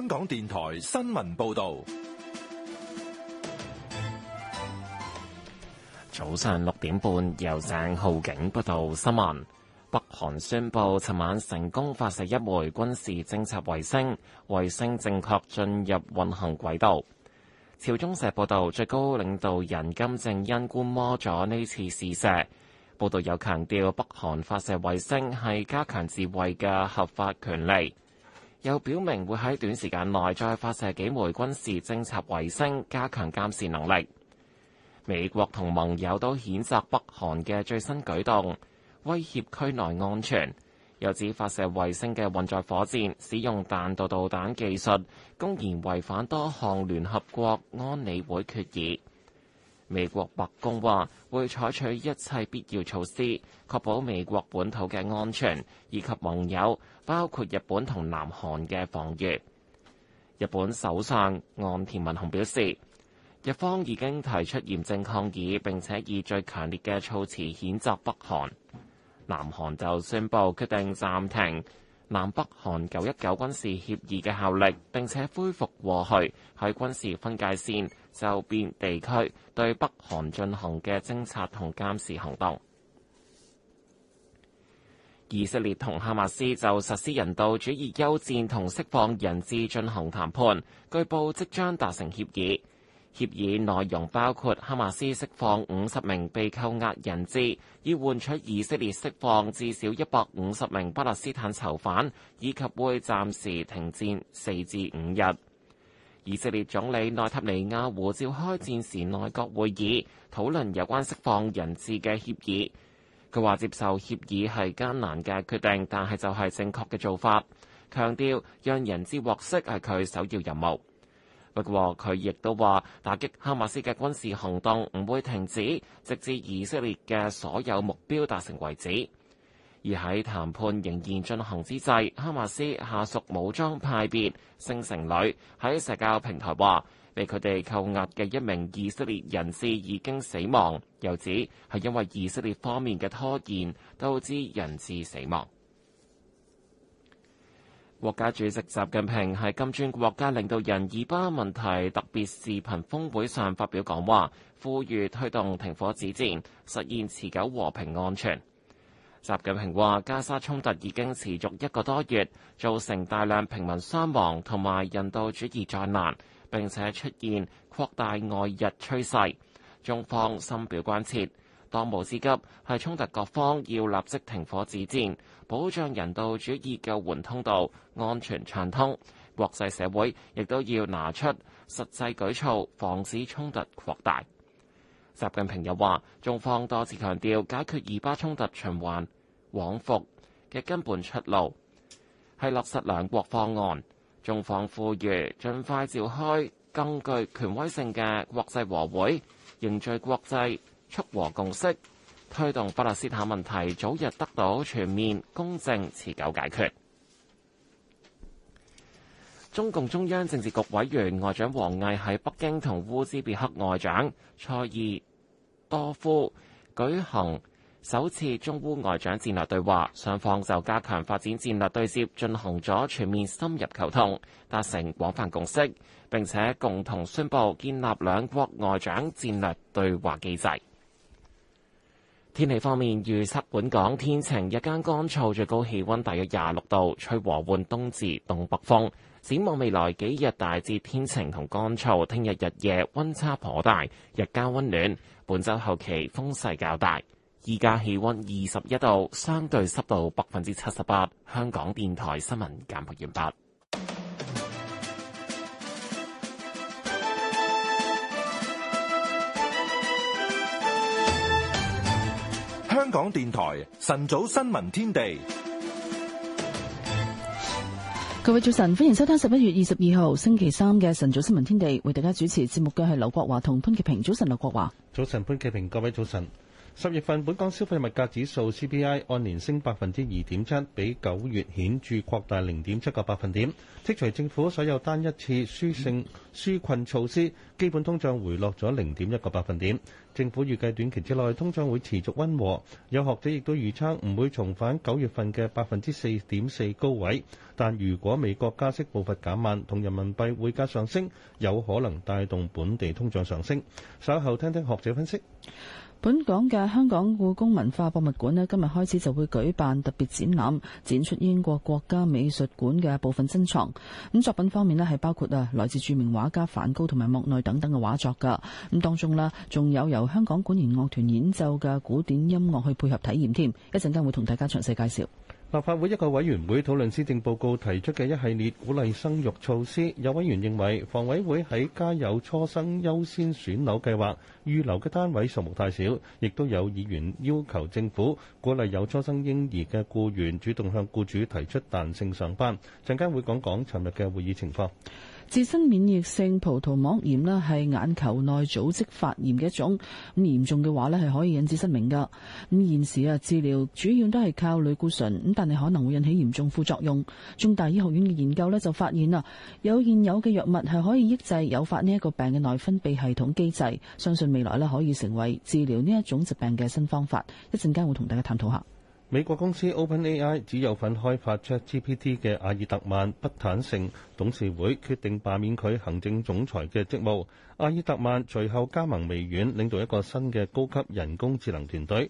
香港電台新聞報道，早上六點半由鄭浩景報道新聞。北韓宣布尋晚成功發射一枚軍事偵察衛星，衛星正確進入運行軌道。朝中社報道，最高領導人金正恩觀摩咗呢次試射。報道有強調，北韓發射衛星係加強自衛嘅合法權利。又表明會喺短時間內再發射幾枚軍事偵察衛星，加強監視能力。美國同盟友都譴責北韓嘅最新舉動，威脅區內安全，又指發射衛星嘅運載火箭使用彈道導彈技術，公然違反多項聯合國安理會決議。美國白宮話會採取一切必要措施，確保美國本土嘅安全，以及盟友，包括日本同南韓嘅防禦。日本首相岸田文雄表示，日方已經提出嚴正抗議，並且以最強烈嘅措辭譴責北韓。南韓就宣布決定暫停南北韓九一九軍事協議嘅效力，並且恢復過去喺軍事分界線周邊地區對北韓進行嘅偵察同監視行動。以色列同哈馬斯就實施人道主義休戰同釋放人質進行談判，據報即將達成協議。協議內容包括哈馬斯釋放五十名被扣押人質，以換取以色列釋放至少一百五十名巴勒斯坦囚犯，以及會暫時停戰四至五日。以色列總理內塔尼亞胡召開戰時內閣會議，討論有關釋放人質嘅協議。佢話接受協議係艱難嘅決定，但係就係正確嘅做法，強調讓人質獲釋係佢首要任務。不過，佢亦都話打擊哈馬斯嘅軍事行動唔會停止，直至以色列嘅所有目標達成為止。而喺談判仍然進行之際，哈馬斯下屬武裝派別聖城旅喺社交平台話，被佢哋扣押嘅一名以色列人士已經死亡，又指係因為以色列方面嘅拖延導致人質死亡。國家主席習近平喺金磚國家領導人以巴問題特別視頻峰會上發表講話，呼籲推動停火止戰，實現持久和平安全。習近平話：加沙衝突已經持續一個多月，造成大量平民傷亡同埋人道主義災難，並且出現擴大外日趨勢，中方深表關切。當務之急係衝突各方要立即停火止戰，保障人道主義救援通道安全暢通。國際社會亦都要拿出實際舉措，防止衝突擴大。習近平又話，中方多次強調，解決以巴衝突循環往復嘅根本出路係落實兩國方案。中方呼籲盡快召開更具權威性嘅國際和會，凝聚國際促和共識，推動巴勒斯坦問題早日得到全面、公正、持久解決。中共中央政治局委員外長王毅喺北京同烏茲別克外長蔡爾多夫舉行首次中烏外長戰略對話，雙方就加強發展戰略對接進行咗全面深入溝通，達成廣泛共識，並且共同宣布建立兩國外長戰略對話機制。天氣方面，預測本港天晴，日間乾燥，最高氣溫大約廿六度，吹和緩東至東北風。展望未來幾日大致天晴同乾燥，聽日日夜溫差頗大，日間溫暖。本週後期風勢較大。依家氣溫二十一度，相對濕度百分之七十八。香港電台新聞簡報完畢。香港電台晨早新聞天地，各位早晨，歡迎收聽十一月二十二號星期三嘅晨早新聞天地，為大家主持節目嘅係劉國華同潘潔平。早晨，劉國華。早晨，潘潔平。各位早晨。十月份本港消費物價指數 CPI 按年升百分之二點七，比九月顯著擴大零點七個百分點。剔除政府所有單一次性紓困措施，基本通脹回落咗零點一個百分點。政府預計短期之內通脹會持續溫和。有學者亦都預測唔會重返九月份嘅百分之四點四高位。但如果美國加息步伐減慢，同人民幣匯價上升，有可能帶動本地通脹上升。稍後聽聽學者分析。本港嘅香港故宮文化博物館呢，今日開始就會舉辦特別展覽，展出英國國家美術館嘅部分珍藏。咁作品方面呢，係包括啊來自著名畫家梵高同埋莫奈等等嘅畫作噶。咁當中啦，仲有由香港管弦樂團演奏嘅古典音樂去配合體驗添。一陣間會同大家詳細介紹。立法會一個委員會討論施政報告提出嘅一系列鼓勵生育措施，有委員認為房委會喺家有初生優先選樓計劃，預留嘅單位數目太少，亦都有議員要求政府鼓勵有初生嬰兒嘅僱員主動向僱主提出彈性上班。陣間會講講尋日嘅會議情況。自身免疫性葡萄膜炎呢，係眼球內組織發炎嘅一種，咁嚴重嘅話呢係可以引致失明噶。咁現時啊治療主要都係靠類固醇咁，但係可能會引起嚴重副作用。中大醫學院嘅研究呢就發現啊，有現有嘅藥物係可以抑制誘發呢一個病嘅內分泌系統機制，相信未來呢可以成為治療呢一種疾病嘅新方法。一陣間會同大家探討下。美國公司 OpenAI 只有份開發 ChatGPT 嘅阿爾特曼不坦誠，董事會決定罷免佢行政總裁嘅職務。阿爾特曼隨後加盟微軟，領導一個新嘅高級人工智能團隊。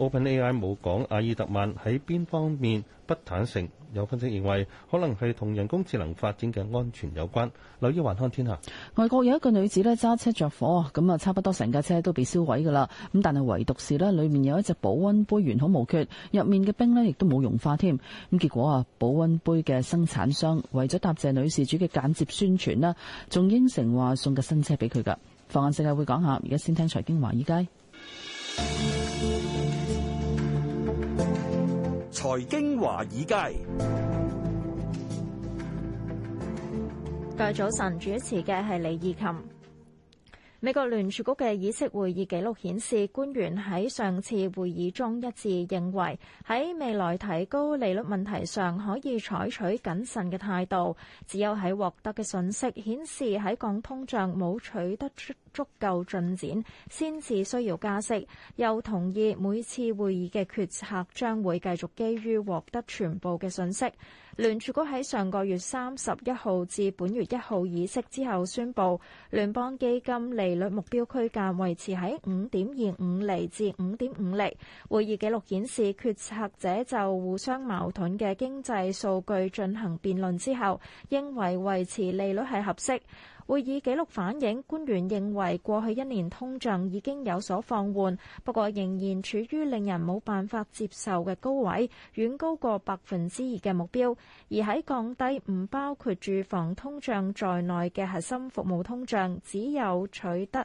OpenAI 冇講阿爾特曼喺邊方面不坦誠，有分析認為可能係同人工智能發展嘅安全有關。留意《環看天下》，外國有一個女子咧揸車着火，咁啊差不多成架車都被燒毀噶啦，咁但係唯獨是咧，裡面有一隻保溫杯完好無缺，入面嘅冰呢亦都冇融化添。咁結果啊，保溫杯嘅生產商為咗答謝女事主嘅間接宣傳啦，仲應承話送架新車俾佢噶。放眼世界會講下，而家先聽財經華爾街。財經華爾街，各位早晨，主持嘅係李怡琴。美國聯儲局嘅議息會議記錄顯示，官員喺上次會議中一致認為，喺未來提高利率問題上可以採取謹慎嘅態度。只有喺獲得嘅信息顯示喺港通脹冇取得出足夠進展，先至需要加息。又同意每次會議嘅決策將會繼續基於獲得全部嘅信息。聯儲局喺上個月三十一號至本月一號議息之後，宣布聯邦基金利率目標區間維持喺五點二五厘至五點五厘。會議紀錄顯示，決策者就互相矛盾嘅經濟數據進行辯論之後，認為維持利率係合適。會議紀錄反映，官員認為過去一年通脹已經有所放緩，不過仍然處於令人冇辦法接受嘅高位，遠高過百分之二嘅目標。而喺降低唔包括住房通脹在內嘅核心服務通脹，只有取得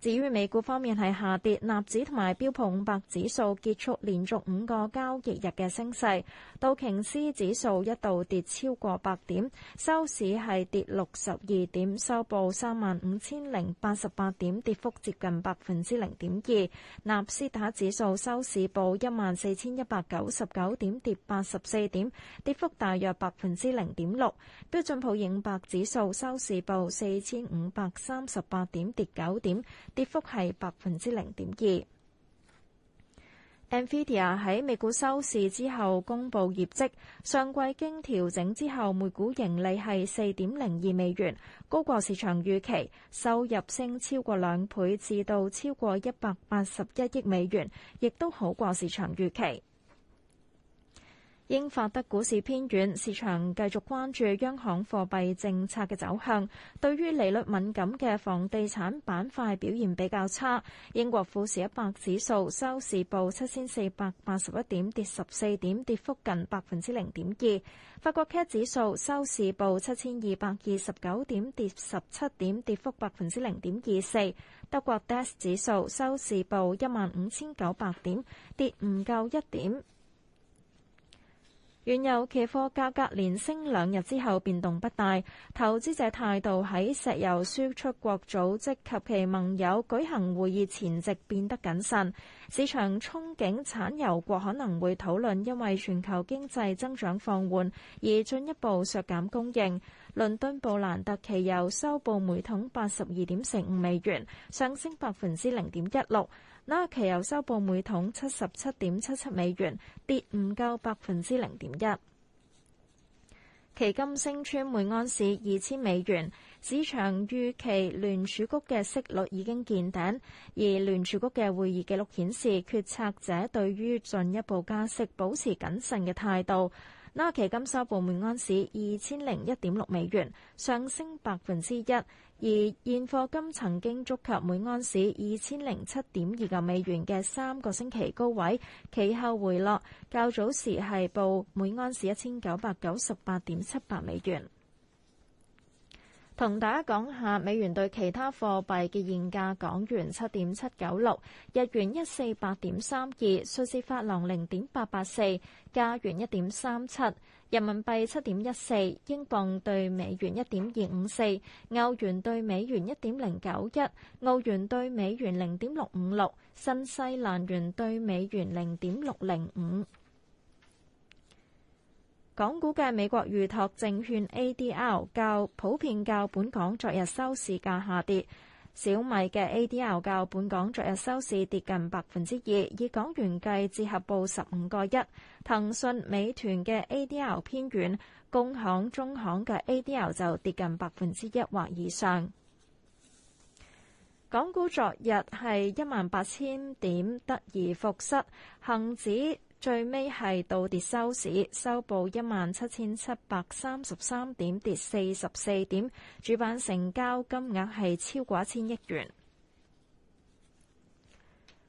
至於美股方面係下跌，納指同埋標普五百指數結束連續五個交易日嘅升勢，道瓊斯指數一度跌超過百點，收市係跌六十二點，收報三萬五千零八十八點，跌幅接近百分之零點二。納斯達指數收市報一萬四千一百九十九點，跌八十四點，跌幅大約百分之零點六。標準普爾五百指數收市報四千五百三十八點，跌九點。跌幅係百分之零點二。Nvidia 喺美股收市之後公佈業績，上季經調整之後每股盈利係四點零二美元，高過市場預期，收入升超過兩倍，至到超過一百八十一億美元，亦都好過市場預期。英法德股市偏軟，市場繼續關注央行貨幣政策嘅走向。對於利率敏感嘅房地產板塊表現比較差。英國富時一百指數收市報七千四百八十一點，跌十四點，點，點，跌幅近百分之零點二。法國 CAC 指數收市報七千二百二十九點，跌十七點，跌幅百分之零點二四。德國 DAX 指數收市報一萬五千九百點，跌唔夠一點。原油期貨價格連升兩日之後變動不大，投資者態度喺石油輸出國組織及其盟友舉行會議前夕變得謹慎。市場憧憬產油國可能會討論因為全球經濟增長放緩而進一步削減供應。倫敦布蘭特期油收報每桶八十二點四五美元，上升百分之零點一六。那期油收報每桶七十七點七七美元，跌唔夠百分之零點一。期金升穿每安士二千美元，市場預期聯儲局嘅息率已經見頂，而聯儲局嘅會議記錄顯示決策者對於進一步加息保持謹慎嘅態度。而期金收報每盎司二千零一點六美元，上升百分之一。而現貨金曾經觸及每盎司二千零七點二九美元嘅三個星期高位，其後回落。較早時係報每盎司一千九百九十八點七八美元。同大家講下美元對其他貨幣嘅現價：港元七點七九六，日元一四八點三二，瑞士法郎零點八八四，加元一點三七，人民幣七點一四，英鎊對美元一點二五四，歐元對美元一點零九一，澳元對美元零點六五六，新西蘭元對美元零點六零五。港股嘅美國預託證，證券 ADR 較普遍較本港昨日收市價下跌，小米嘅 ADR 較本港昨日收市跌近百分之二，以港元計折合報十五個一。騰訊、美團嘅 ADR 偏遠，工行、中行嘅 ADR 就跌近百分之一或以上。港股昨日係一萬八千點，得而復失，恆指。最尾係倒跌收市，收報一萬七千七百三十三點，跌四十四點。主板成交金額係超過一千億元。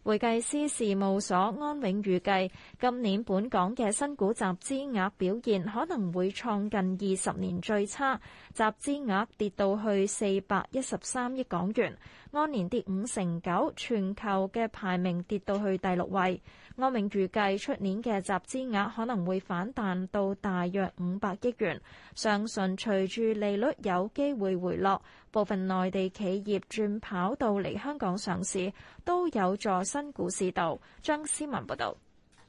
會計師事務所安永預計，今年本港嘅新股集資額表現可能會創近二十年最差，集資額跌到去四百一十三億港元，按年跌五成九，全球嘅排名跌到去第六位。安永預計，出年嘅集資額可能會反彈到大約五百億元，相信隨住利率有機會回落，部分內地企業轉跑道嚟香港上市都有助新股市道。張思文報道。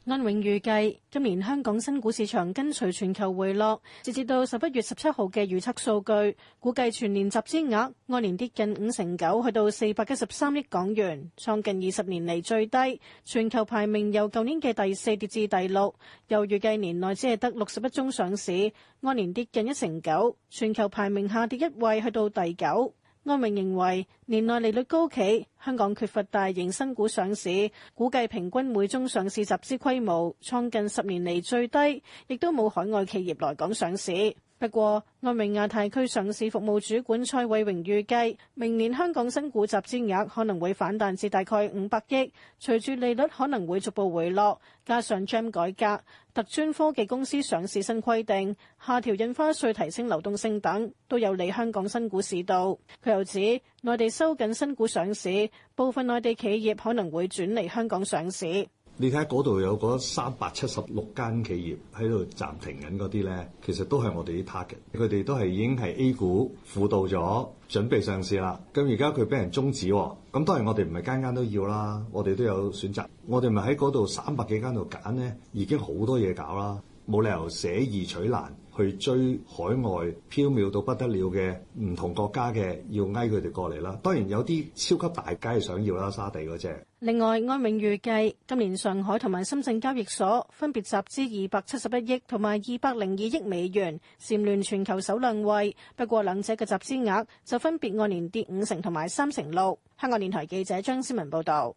安永預計，今年香港新股市場跟隨全球回落，截至到十一月十七號嘅預測數據，估計全年集資額按年跌近五成九，去到四百一十三億港元，創近二十年嚟最低。全球排名由舊年嘅第四跌至第六，又預計年內只係得六十一宗上市，按年跌近一成九，全球排名下跌一位，去到第九。安永認為，年內利率高企，香港缺乏大型新股上市，估計平均每宗上市集資規模創近十年嚟最低，亦都冇海外企業來港上市。不過，愛明亞太區上市服務主管蔡偉榮預計，明年香港新股集資額可能會反彈至大概五百億。隨住利率可能會逐步回落，加上 GEM 改革、特專科技公司上市新規定、下調印花稅、提升流動性等，都有利香港新股市道。佢又指，內地收緊新股上市，部分內地企業可能會轉嚟香港上市。你睇下嗰度有嗰三百七十六間企業喺度暫停緊嗰啲咧，其實都係我哋啲 target。佢哋都係已經係 A 股輔導咗，準備上市啦。咁而家佢俾人中止，咁當然我哋唔係間間都要啦，我哋都有選擇。我哋咪喺嗰度三百幾間度揀咧，已經好多嘢搞啦，冇理由捨易取難。去追海外飄渺到不得了嘅唔同國家嘅，要嗌佢哋過嚟啦。當然有啲超級大街係想要啦，沙地嗰隻。另外，安永預計今年上海同埋深圳交易所分別集資二百七十一億同埋二百零二億美元，蟬聯全球首兩位。不過，兩者嘅集資額就分別按年跌五成同埋三成六。香港電台記者張思文報道。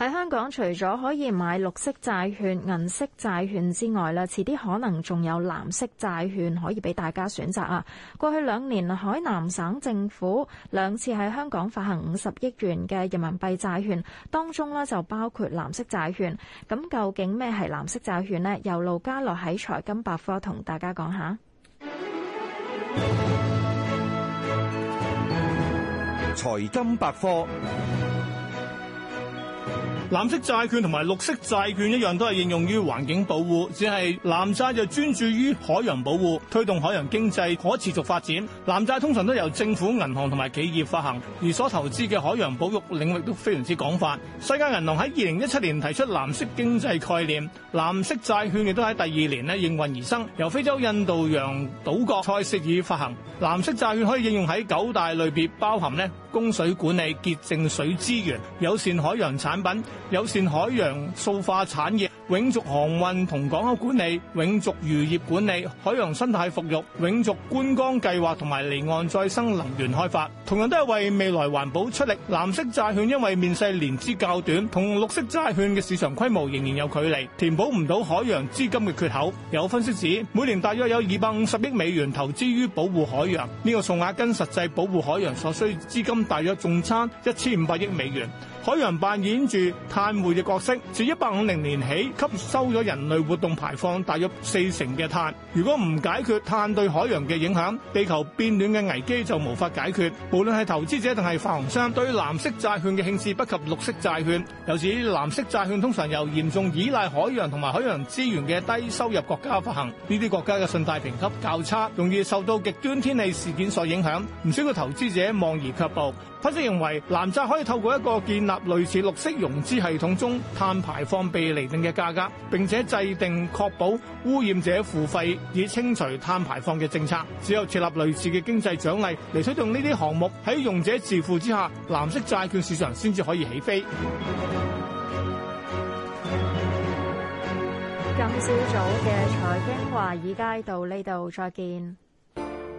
喺香港除咗可以買綠色債券、銀色債券之外咧，遲啲可能仲有藍色債券可以俾大家選擇啊！過去兩年海南省政府兩次喺香港發行五十億元嘅人民幣債券，當中咧就包括藍色債券。咁究竟咩係藍色債券咧？由盧嘉樂喺財金百科同大家講下。財金百科。藍色債券同埋綠色債券一樣，都係應用於環境保護，只係藍債就專注於海洋保護，推動海洋經濟可持續發展。藍債通常都由政府、銀行同埋企業發行，而所投資嘅海洋保育領域都非常之廣泛。世界銀行喺二零一七年提出藍色經濟概念，藍色債券亦都喺第二年呢應運而生，由非洲印度洋島國塞舌爾發行。藍色債券可以應用喺九大類別，包含呢供水管理、潔淨水資源、友善海洋產品。有善海洋塑化產業、永續航運同港口管理、永續漁業管理、海洋生態復育、永續觀光計劃同埋離岸再生能源開發，同樣都係為未來環保出力。藍色債券因為面世年資較短，同綠色債券嘅市場規模仍然有距離，填補唔到海洋資金嘅缺口。有分析指，每年大約有二百五十億美元投資於保護海洋，呢、這個數額跟實際保護海洋所需資金大約仲差一千五百億美元。海洋扮演住碳匯嘅角色，自一八五零年起吸收咗人類活動排放大約四成嘅碳。如果唔解決碳對海洋嘅影響，地球變暖嘅危機就無法解決。無論係投資者定係發行商，對藍色債券嘅興致不及綠色債券。由於藍色債券通常由嚴重依賴海洋同埋海洋資源嘅低收入國家發行，呢啲國家嘅信貸評級較差，容易受到極端天氣事件所影響，唔少嘅投資者望而卻步。分析認為，藍債可以透過一個建立類似綠色融資系統中碳排放被釐定嘅價格，並且制定確保污染者付費以清除碳排放嘅政策。只有設立類似嘅經濟獎勵嚟推動呢啲項目，喺用者自負之下，藍色債券市場先至可以起飛。今朝早嘅財經華爾街道到呢度，再見。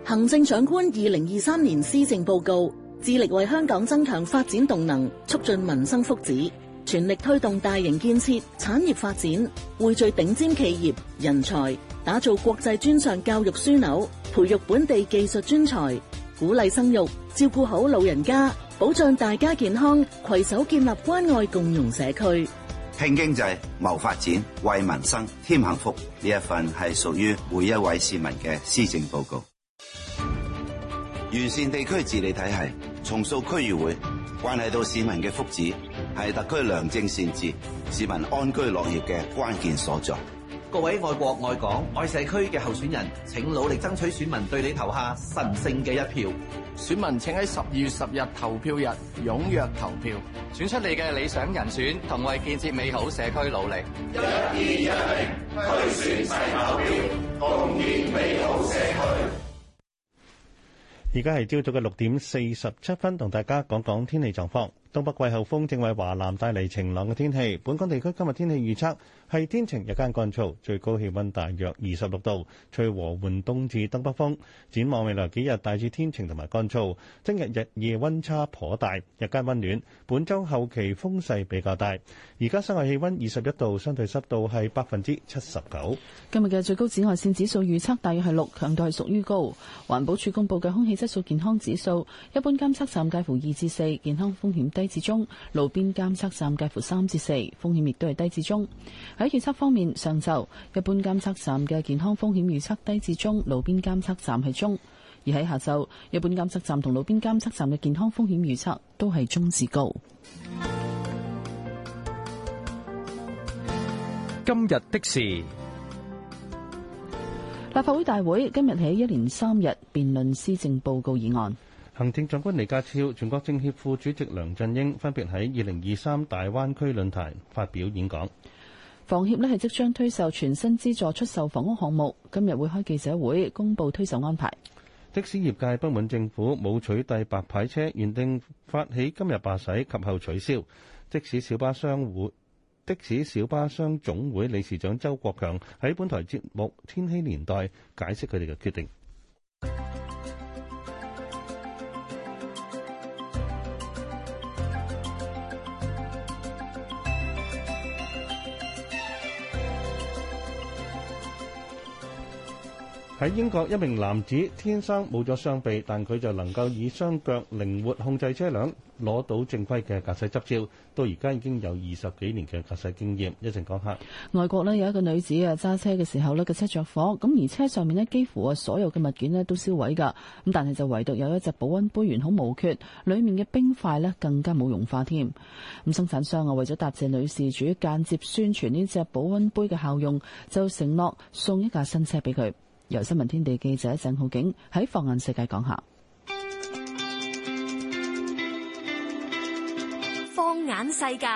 行政長官二零二三年施政報告。致力為香港增強發展動能，促進民生福祉，全力推動大型建設、產業發展，匯聚頂尖企業人才，打造國際專上教育樞紐，培育本地技術專才，鼓勵生育，照顧好老人家，保障大家健康，攜手建立關愛共融社區，拼經濟、謀發展、為民生添幸福，呢一份係屬於每一位市民嘅施政報告。完善地區治理體系，重塑區議會，關係到市民嘅福祉，係特區良政善治、市民安居樂業嘅關鍵所在。各位愛國、愛港、愛社區嘅候選人，請努力爭取選民對你投下神聖嘅一票。選民請喺十二月十日投票日，踴躍投票，選出你嘅理想人選，同為建設美好社區努力。一、二、一，一一一推選細目標，共建美好社區。而家係朝早嘅六點四十七分，同大家講講天氣狀況。東北季候風正為華南帶嚟晴朗嘅天氣。本港地區今日天氣預測。係天晴，日間乾燥，最高氣溫大約二十六度，吹和緩東至東北風。展望未來幾日，大致天晴同埋乾燥。聽日日夜溫差頗大，日間溫暖。本周後期風勢比較大。而家室外氣溫二十一度，相對濕度係百分之七十九。今日嘅最高紫外線指數預測大約係六，強度係屬於高。環保署公布嘅空氣質素健康指數，一般監測站介乎二至四，健康風險低至中；路邊監測站介乎三至四，風險亦都係低至中。喺預測方面，上晝一般監測站嘅健康風險預測低至中，路邊監測站係中；而喺下晝，一般監測站同路邊監測站嘅健康風險預測都係中至高。今日的事，立法會大會今日起一連三日辯論施政報告議案。行政長官李家超、全國政協副主席梁振英分別喺二零二三大灣區論壇發表演講。房協呢係即將推售全新資助出售房屋項目，今日會開記者會公佈推售安排。的士業界不滿政府冇取締白牌車，原定發起今日罷駛及後取消。的士小巴商會的士小巴商總會理事長周國強喺本台節目《千禧年代》解釋佢哋嘅決定。喺英國，一名男子天生冇咗雙臂，但佢就能夠以雙腳靈活控制車輛，攞到正規嘅駕駛執照。到而家已經有二十幾年嘅駕駛經驗。一陣講下。外國咧有一個女子啊，揸車嘅時候呢嘅車着火，咁而車上面咧幾乎啊所有嘅物件咧都燒毀㗎。咁但係就唯獨有一隻保溫杯完好無缺，裡面嘅冰塊咧更加冇融化添。咁生產商啊為咗答謝女事主間接宣傳呢隻保溫杯嘅效用，就承諾送一架新車俾佢。由新聞天地記者鄭浩景喺放眼世界講下，放眼世界，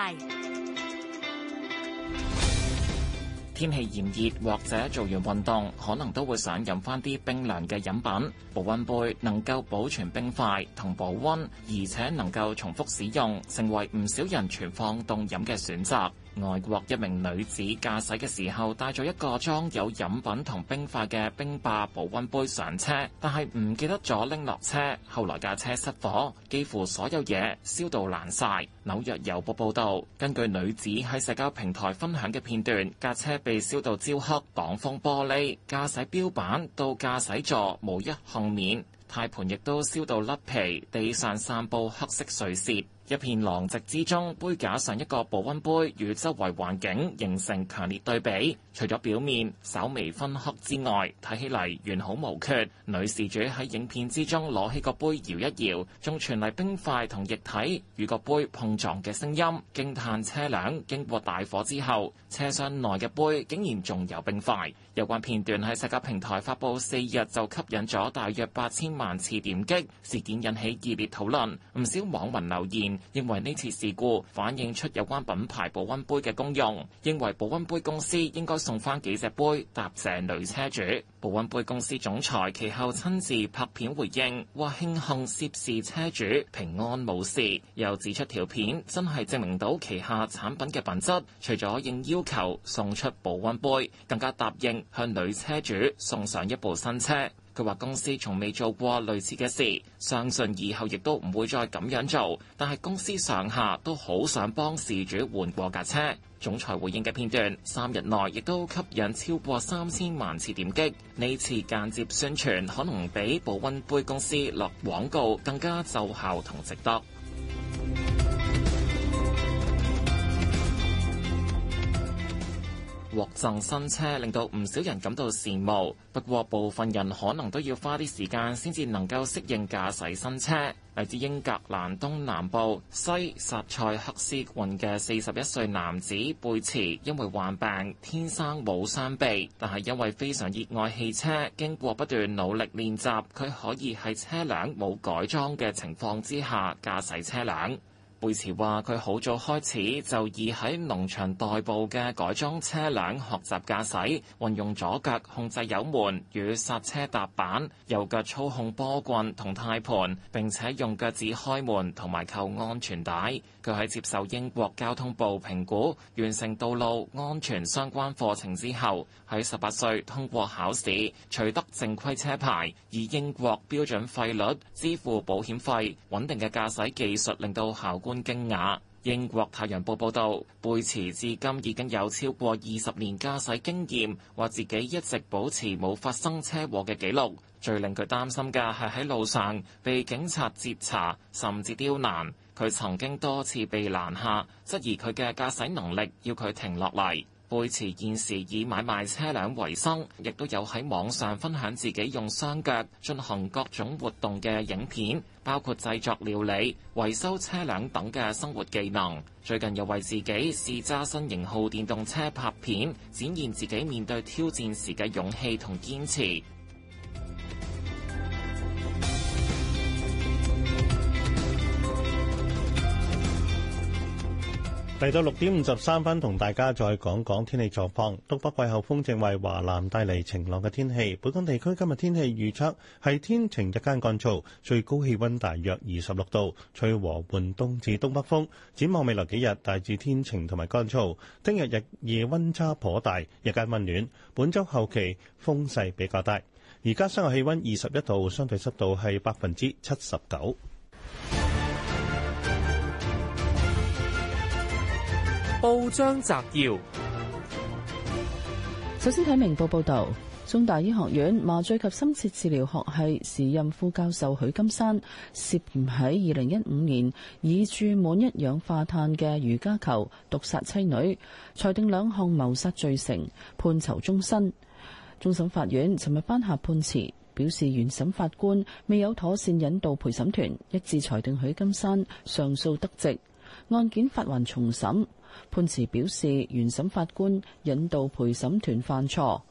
天氣炎熱或者做完運動，可能都會想飲返啲冰涼嘅飲品。保温杯能夠保存冰塊同保温，而且能夠重複使用，成為唔少人存放凍飲嘅選擇。外國一名女子駕駛嘅時候帶咗一個裝有飲品同冰塊嘅冰霸保溫杯上車，但係唔記得咗拎落車。後來架車失火，幾乎所有嘢燒到爛晒。紐約郵報報道，根據女子喺社交平台分享嘅片段，架車被燒到焦黑，擋風玻璃、駕駛錶板到駕駛座無一幸免，軚盤亦都燒到甩皮，地上散布黑色碎屑。一片狼藉之中，杯架上一個保溫杯與周圍環境形成強烈對比。除咗表面稍微分黑之外，睇起嚟完好無缺。女事主喺影片之中攞起個杯搖一搖，仲傳嚟冰塊同液體與個杯碰撞嘅聲音，驚嘆車輛經過大火之後車廂內嘅杯竟然仲有冰塊，有關片段喺社交平台發佈四日就吸引咗大約八千萬次點擊，事件引起熱烈討論，唔少網民留言。認為呢次事故反映出有關品牌保温杯嘅功用，認為保温杯公司應該送翻幾隻杯答謝女車主。保温杯公司總裁其後親自拍片回應，話慶幸涉事車主平安冇事，又指出條片真係證明到旗下產品嘅品質。除咗應要求送出保温杯，更加答應向女車主送上一部新車。佢話公司從未做過類似嘅事，相信以後亦都唔會再咁樣做。但係公司上下都好想幫事主換過架車。總裁回應嘅片段三日內亦都吸引超過三千萬次點擊，呢次間接宣傳可能比保溫杯公司落廣告更加奏效同值得。獲贈新車，令到唔少人感到羨慕。不過部分人可能都要花啲時間，先至能夠適應駕駛新車。嚟自英格蘭東南部西薩塞克斯郡嘅四十一歲男子貝茨，因為患病天生冇雙臂，但係因為非常熱愛汽車，經過不斷努力練習，佢可以喺車輛冇改裝嘅情況之下駕駛車輛。貝茨話：佢好早開始就以喺農場代步嘅改裝車輛學習駕駛，運用左腳控制油門與煞車踏板，右腳操控波棍同軚盤，並且用腳趾開門同埋扣安全帶。佢喺接受英國交通部評估、完成道路安全相關課程之後，喺十八歲通過考試，取得正規車牌，以英國標準費率支付保險費。穩定嘅駕駛技術令到效。觀驚訝，英國太陽報報道，貝茨至今已經有超過二十年駕駛經驗，話自己一直保持冇發生車禍嘅紀錄。最令佢擔心嘅係喺路上被警察截查，甚至刁難。佢曾經多次被攔下，質疑佢嘅駕駛能力要，要佢停落嚟。貝馳現時以買賣車輛為生，亦都有喺網上分享自己用雙腳進行各種活動嘅影片，包括製作料理、維修車輛等嘅生活技能。最近又為自己試揸新型號電動車拍片，展現自己面對挑戰時嘅勇氣同堅持。嚟到六點五十三分，同大家再講講天氣狀況。東北季候風正為華南帶嚟晴朗嘅天氣。本港地區今日天氣預測係天晴日間乾燥，最高氣溫大約二十六度，吹和緩東至東北風。展望未來幾日，大致天晴同埋乾燥。聽日日夜溫差頗大，日間溫暖。本周後期風勢比較大。而家室外氣溫二十一度，相對濕度係百分之七十九。報章摘要：首先睇明報報道，中大醫學院麻醉及深切治療學系時任副教授許金山涉嫌喺二零一五年以注滿一氧化碳嘅瑜伽球毒殺妻女，裁定兩項謀殺罪成，判囚終，終身。終審法院尋日頒下判詞，表示原審法官未有妥善引導陪審團，一致裁定許金山上訴得直，案件發還重審。判詞表示，原審法官引導陪審團犯錯。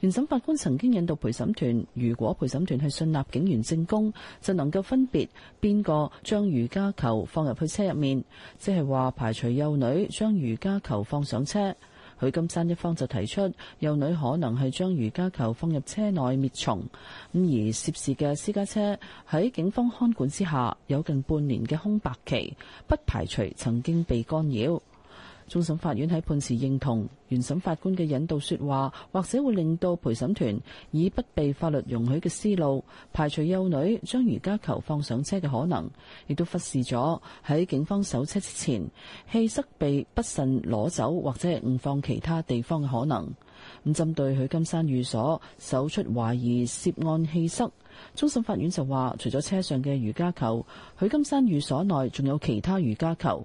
原審法官曾經引導陪審團，如果陪審團係信納警員證供，就能夠分別邊個將瑜伽球放入去車入面，即係話排除幼女將瑜伽球放上車。許金山一方就提出幼女可能係將瑜伽球放入車內滅蟲咁，而涉事嘅私家車喺警方看管之下有近半年嘅空白期，不排除曾經被干擾。中審法院喺判詞認同原審法官嘅引導説話，或者會令到陪審團以不被法律容許嘅思路排除幼女將瑜伽球放上車嘅可能，亦都忽視咗喺警方搜車之前氣塞被不慎攞走或者誤放其他地方嘅可能。咁針對許金山寓所搜出懷疑涉案氣塞，中審法院就話，除咗車上嘅瑜伽球，許金山寓所內仲有其他瑜伽球。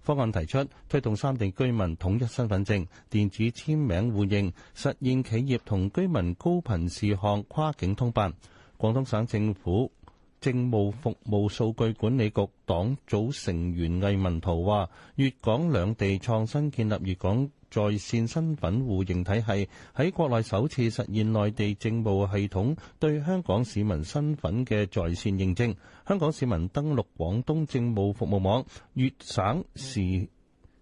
方案提出推動三地居民統一身份證電子簽名互認，實現企業同居民高頻事項跨境通辦。廣東省政府政務服務數據管理局黨組成員魏文濤話，粵港兩地創新建立粵港在綫身份互認體系喺國內首次實現內地政務系統對香港市民身份嘅在綫認證，香港市民登錄廣東政務服務網粵省事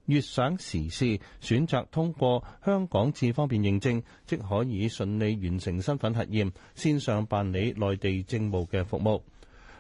粵省時事選擇通過香港智方便認證，即可以順利完成身份核驗，綫上辦理內地政務嘅服務。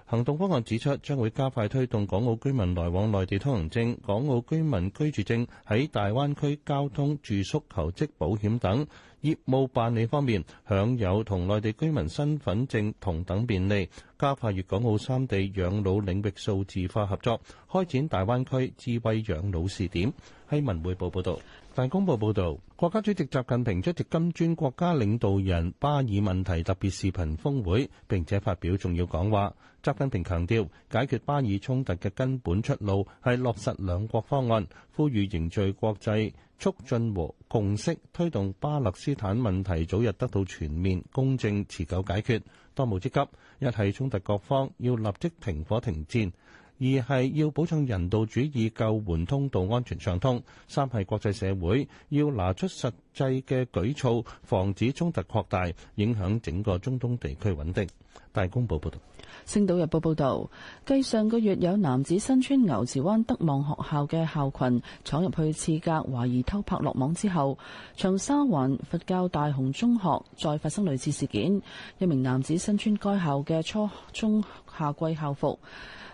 行動方案指出，將會加快推動港澳居民來往內地通行證、港澳居民居住證喺大灣區交通、住宿、求職、保險等，業務辦理方面，享有同內地居民身份證同等便利；加快粵港澳三地養老領域數字化合作，開展大灣區智慧養老試點。喺文匯報報道，大公報報道，國家主席習近平出席金磚國家領導人巴以問題特別視頻峰會，並且發表重要講話。習近平強調，解決巴以衝突嘅根本出路係落實兩國方案，呼籲凝聚國際，促進和共識，推動巴勒斯坦問題早日得到全面、公正、持久解決。當務之急，一係衝突各方要立即停火停戰。二係要保障人道主義救援通道安全暢通，三係國際社會要拿出實際嘅舉措，防止衝突擴大，影響整個中東地區穩定。大公報報道，星島日報報道，繼上個月有男子身穿牛池灣德望學校嘅校裙闖入去刺格懷疑偷拍落網之後，長沙灣佛教大雄中學再發生類似事件，一名男子身穿該校嘅初中夏季校服。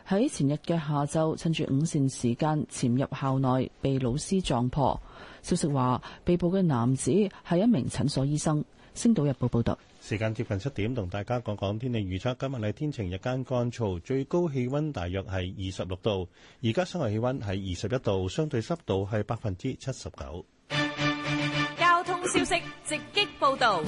喺前日嘅下晝，趁住午膳時間潛入校內，被老師撞破。消息話，被捕嘅男子係一名診所醫生。星島日報報道。時間接近七點，同大家講講天氣預測。今日係天晴日間，乾燥，最高氣溫大約係二十六度。而家室外氣溫係二十一度，相對濕度係百分之七十九。交通消息 直擊報道。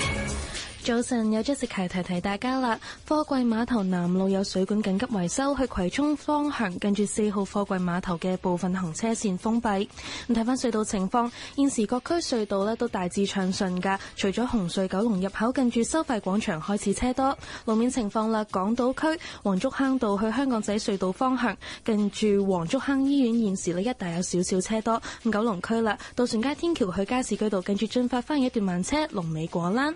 早晨有 Jessica 提，提提大家啦。貨櫃碼頭南路有水管緊急維修，去葵涌方向，近住四號貨櫃碼頭嘅部分行車線封閉。咁睇翻隧道情況，現時各區隧道咧都大致暢順噶，除咗紅隧九龍入口近住收費廣場開始車多。路面情況啦，港島區黃竹坑道去香港仔隧道方向，近住黃竹坑醫院，現時呢，一帶有少少車多。咁九龍區啦，渡船街天橋去加士居道，近住進發翻一段慢車，龍尾果欄。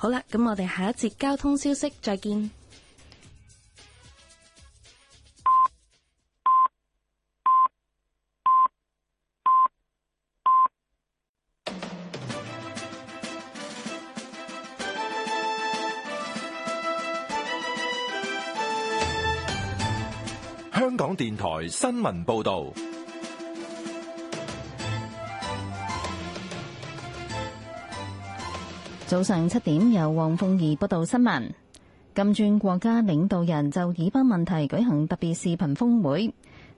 好啦，咁我哋下一節交通消息再見。香港電台新聞報道。Okay, so we'll 早上七點，由黃鳳儀報道新聞。金磚國家領導人就以巴問題舉行特別視頻峰會，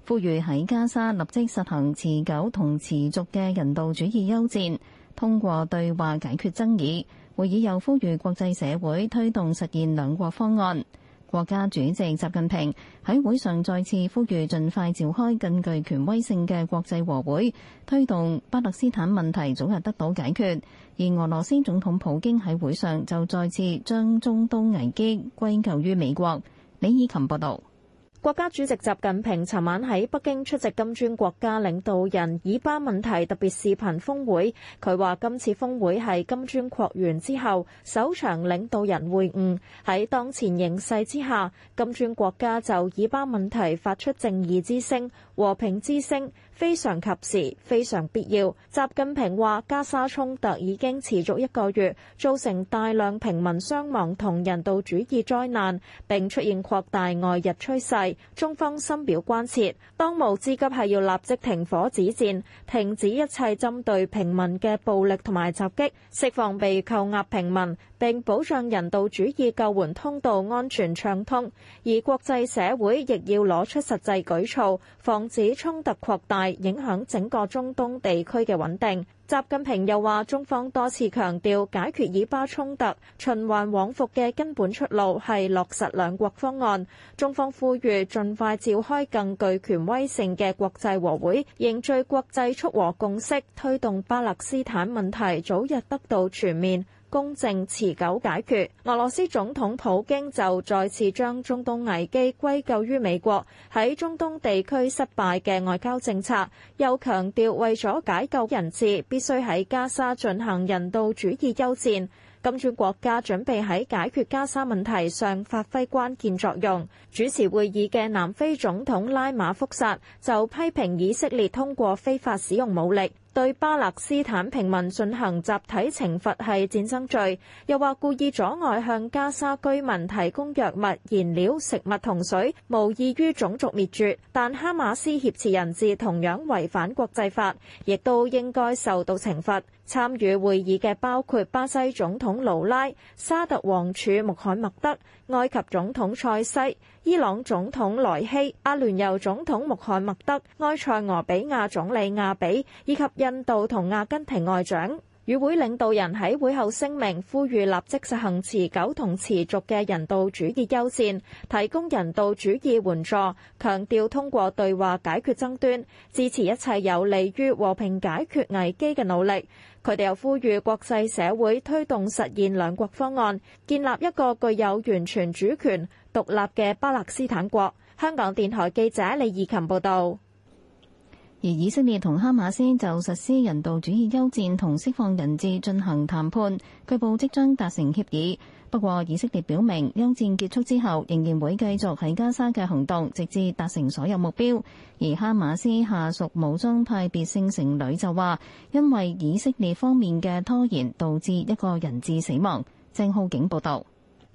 呼籲喺加沙立即實行持久同持續嘅人道主義休戰，通過對話解決爭議。會議又呼籲國際社會推動實現兩國方案。國家主席習近平喺會上再次呼籲盡快召開更具權威性嘅國際和會，推動巴勒斯坦問題早日得到解決。而俄羅斯總統普京喺會上就再次將中東危機歸咎於美國。李以琴報道。國家主席習近平昨晚喺北京出席金磚國家領導人以巴問題特別視頻峰會，佢話：今次峰會係金磚擴員之後首場領導人會晤。喺當前形勢之下，金磚國家就以巴問題發出正義之聲、和平之聲。非常及時，非常必要。習近平話，加沙衝突已經持續一個月，造成大量平民傷亡同人道主義災難，並出現擴大外溢趨勢，中方深表關切，當務之急係要立即停火止戰，停止一切針對平民嘅暴力同埋襲擊，釋放被扣押平民。並保障人道主義救援通道安全暢通，而國際社會亦要攞出實際舉措，防止衝突擴大，影響整個中東地區嘅穩定。習近平又話：中方多次強調，解決以巴衝突循環往復嘅根本出路係落實兩國方案。中方呼籲盡快召開更具權威性嘅國際和會，凝聚國際促和共識，推動巴勒斯坦問題早日得到全面公正持久解決。俄羅斯總統普京就再次將中東危機歸咎於美國喺中東地區失敗嘅外交政策，又強調為咗解救人質必須喺加沙進行人道主義休戰。金磚國家準備喺解決加沙問題上發揮關鍵作用。主持會議嘅南非總統拉馬福薩就批評以色列通過非法使用武力對巴勒斯坦平民進行集體懲罰係戰爭罪，又話故意阻礙向加沙居民提供藥物、燃料、食物同水，無異於種族滅絕。但哈馬斯挾持人質同樣違反國際法，亦都應該受到懲罰。參與會議嘅包括巴西總統盧拉、沙特王儲穆罕默德、埃及總統塞西、伊朗總統萊希、阿聯酋總統穆罕默德、埃塞俄比亞總理亞比，以及印度同阿根廷外長。與會領導人喺會後聲明，呼籲立即實行持久同持續嘅人道主義休戰，提供人道主義援助，強調通過對話解決爭端，支持一切有利於和平解決危機嘅努力。佢哋又呼籲國際社會推動實現兩國方案，建立一個具有完全主權、獨立嘅巴勒斯坦國。香港電台記者李義琴報道。而以色列同哈馬斯就實施人道主義休戰同釋放人質進行談判，據報即將達成協議。不過以色列表明，休戰結束之後仍然會繼續喺加沙嘅行動，直至達成所有目標。而哈馬斯下屬武裝派別聖城旅就話，因為以色列方面嘅拖延，導致一個人質死亡。鄭浩景報道。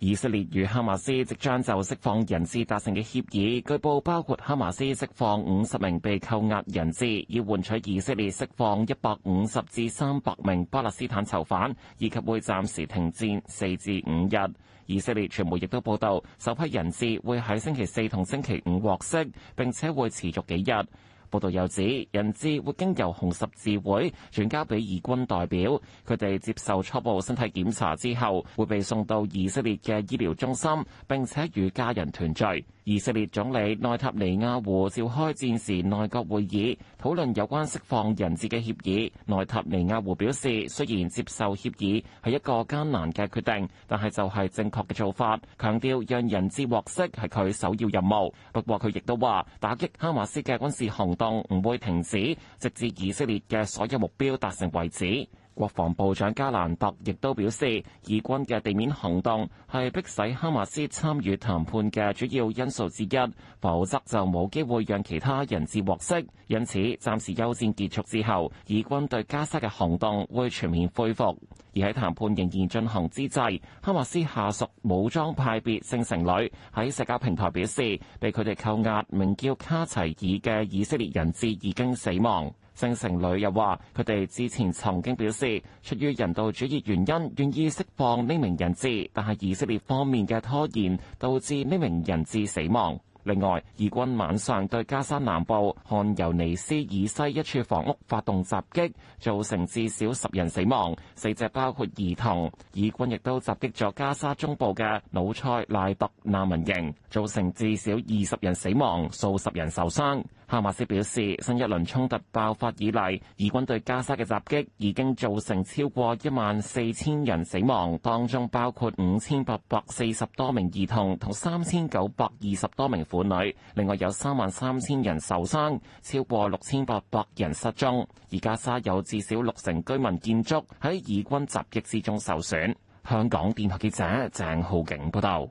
以色列與哈馬斯即將就釋放人質達成嘅協議，據報包括哈馬斯釋放五十名被扣押人質，以換取以色列釋放一百五十至三百名巴勒斯坦囚犯，以及會暫時停戰四至五日。以色列傳媒亦都報道，首批人質會喺星期四同星期五獲釋，並且會持續幾日。報道又指，人質會經由紅十字會轉交俾以軍代表，佢哋接受初步身體檢查之後，會被送到以色列嘅醫療中心，並且與家人團聚。以色列總理內塔尼亞胡召開戰時內閣會議，討論有關釋放人質嘅協議。內塔尼亞胡表示，雖然接受協議係一個艱難嘅決定，但係就係正確嘅做法，強調讓人質獲釋係佢首要任務。不過佢亦都話，打擊哈馬斯嘅軍事行動。唔會停止，直至以色列嘅所有目標達成為止。國防部長加蘭特亦都表示，以軍嘅地面行動係迫使哈馬斯參與談判嘅主要因素之一，否則就冇機會讓其他人質獲釋。因此，暫時休戰結束之後，以軍對加沙嘅行動會全面恢復。而喺談判仍然進行之際，哈馬斯下屬武裝派別聖城旅喺社交平台表示，被佢哋扣押名叫卡齊爾嘅以色列人質已經死亡。聖城旅又話：佢哋之前曾經表示，出於人道主義原因，願意釋放呢名人質，但係以色列方面嘅拖延導致呢名人質死亡。另外，以軍晚上對加沙南部漢尤尼斯以西一處房屋發動襲擊，造成至少十人死亡，死者包括兒童。以軍亦都襲擊咗加沙中部嘅魯塞賴特難民營，造成至少二十人死亡，數十人受傷。哈馬斯表示，新一輪衝突爆發以嚟，以軍對加沙嘅襲擊已經造成超過一萬四千人死亡，當中包括五千八百四十多名兒童同三千九百二十多名婦女。另外有三萬三千人受傷，超過六千八百人失蹤。而加沙有至少六成居民建築喺以軍襲擊之中受損。香港電台記者鄭浩景報道。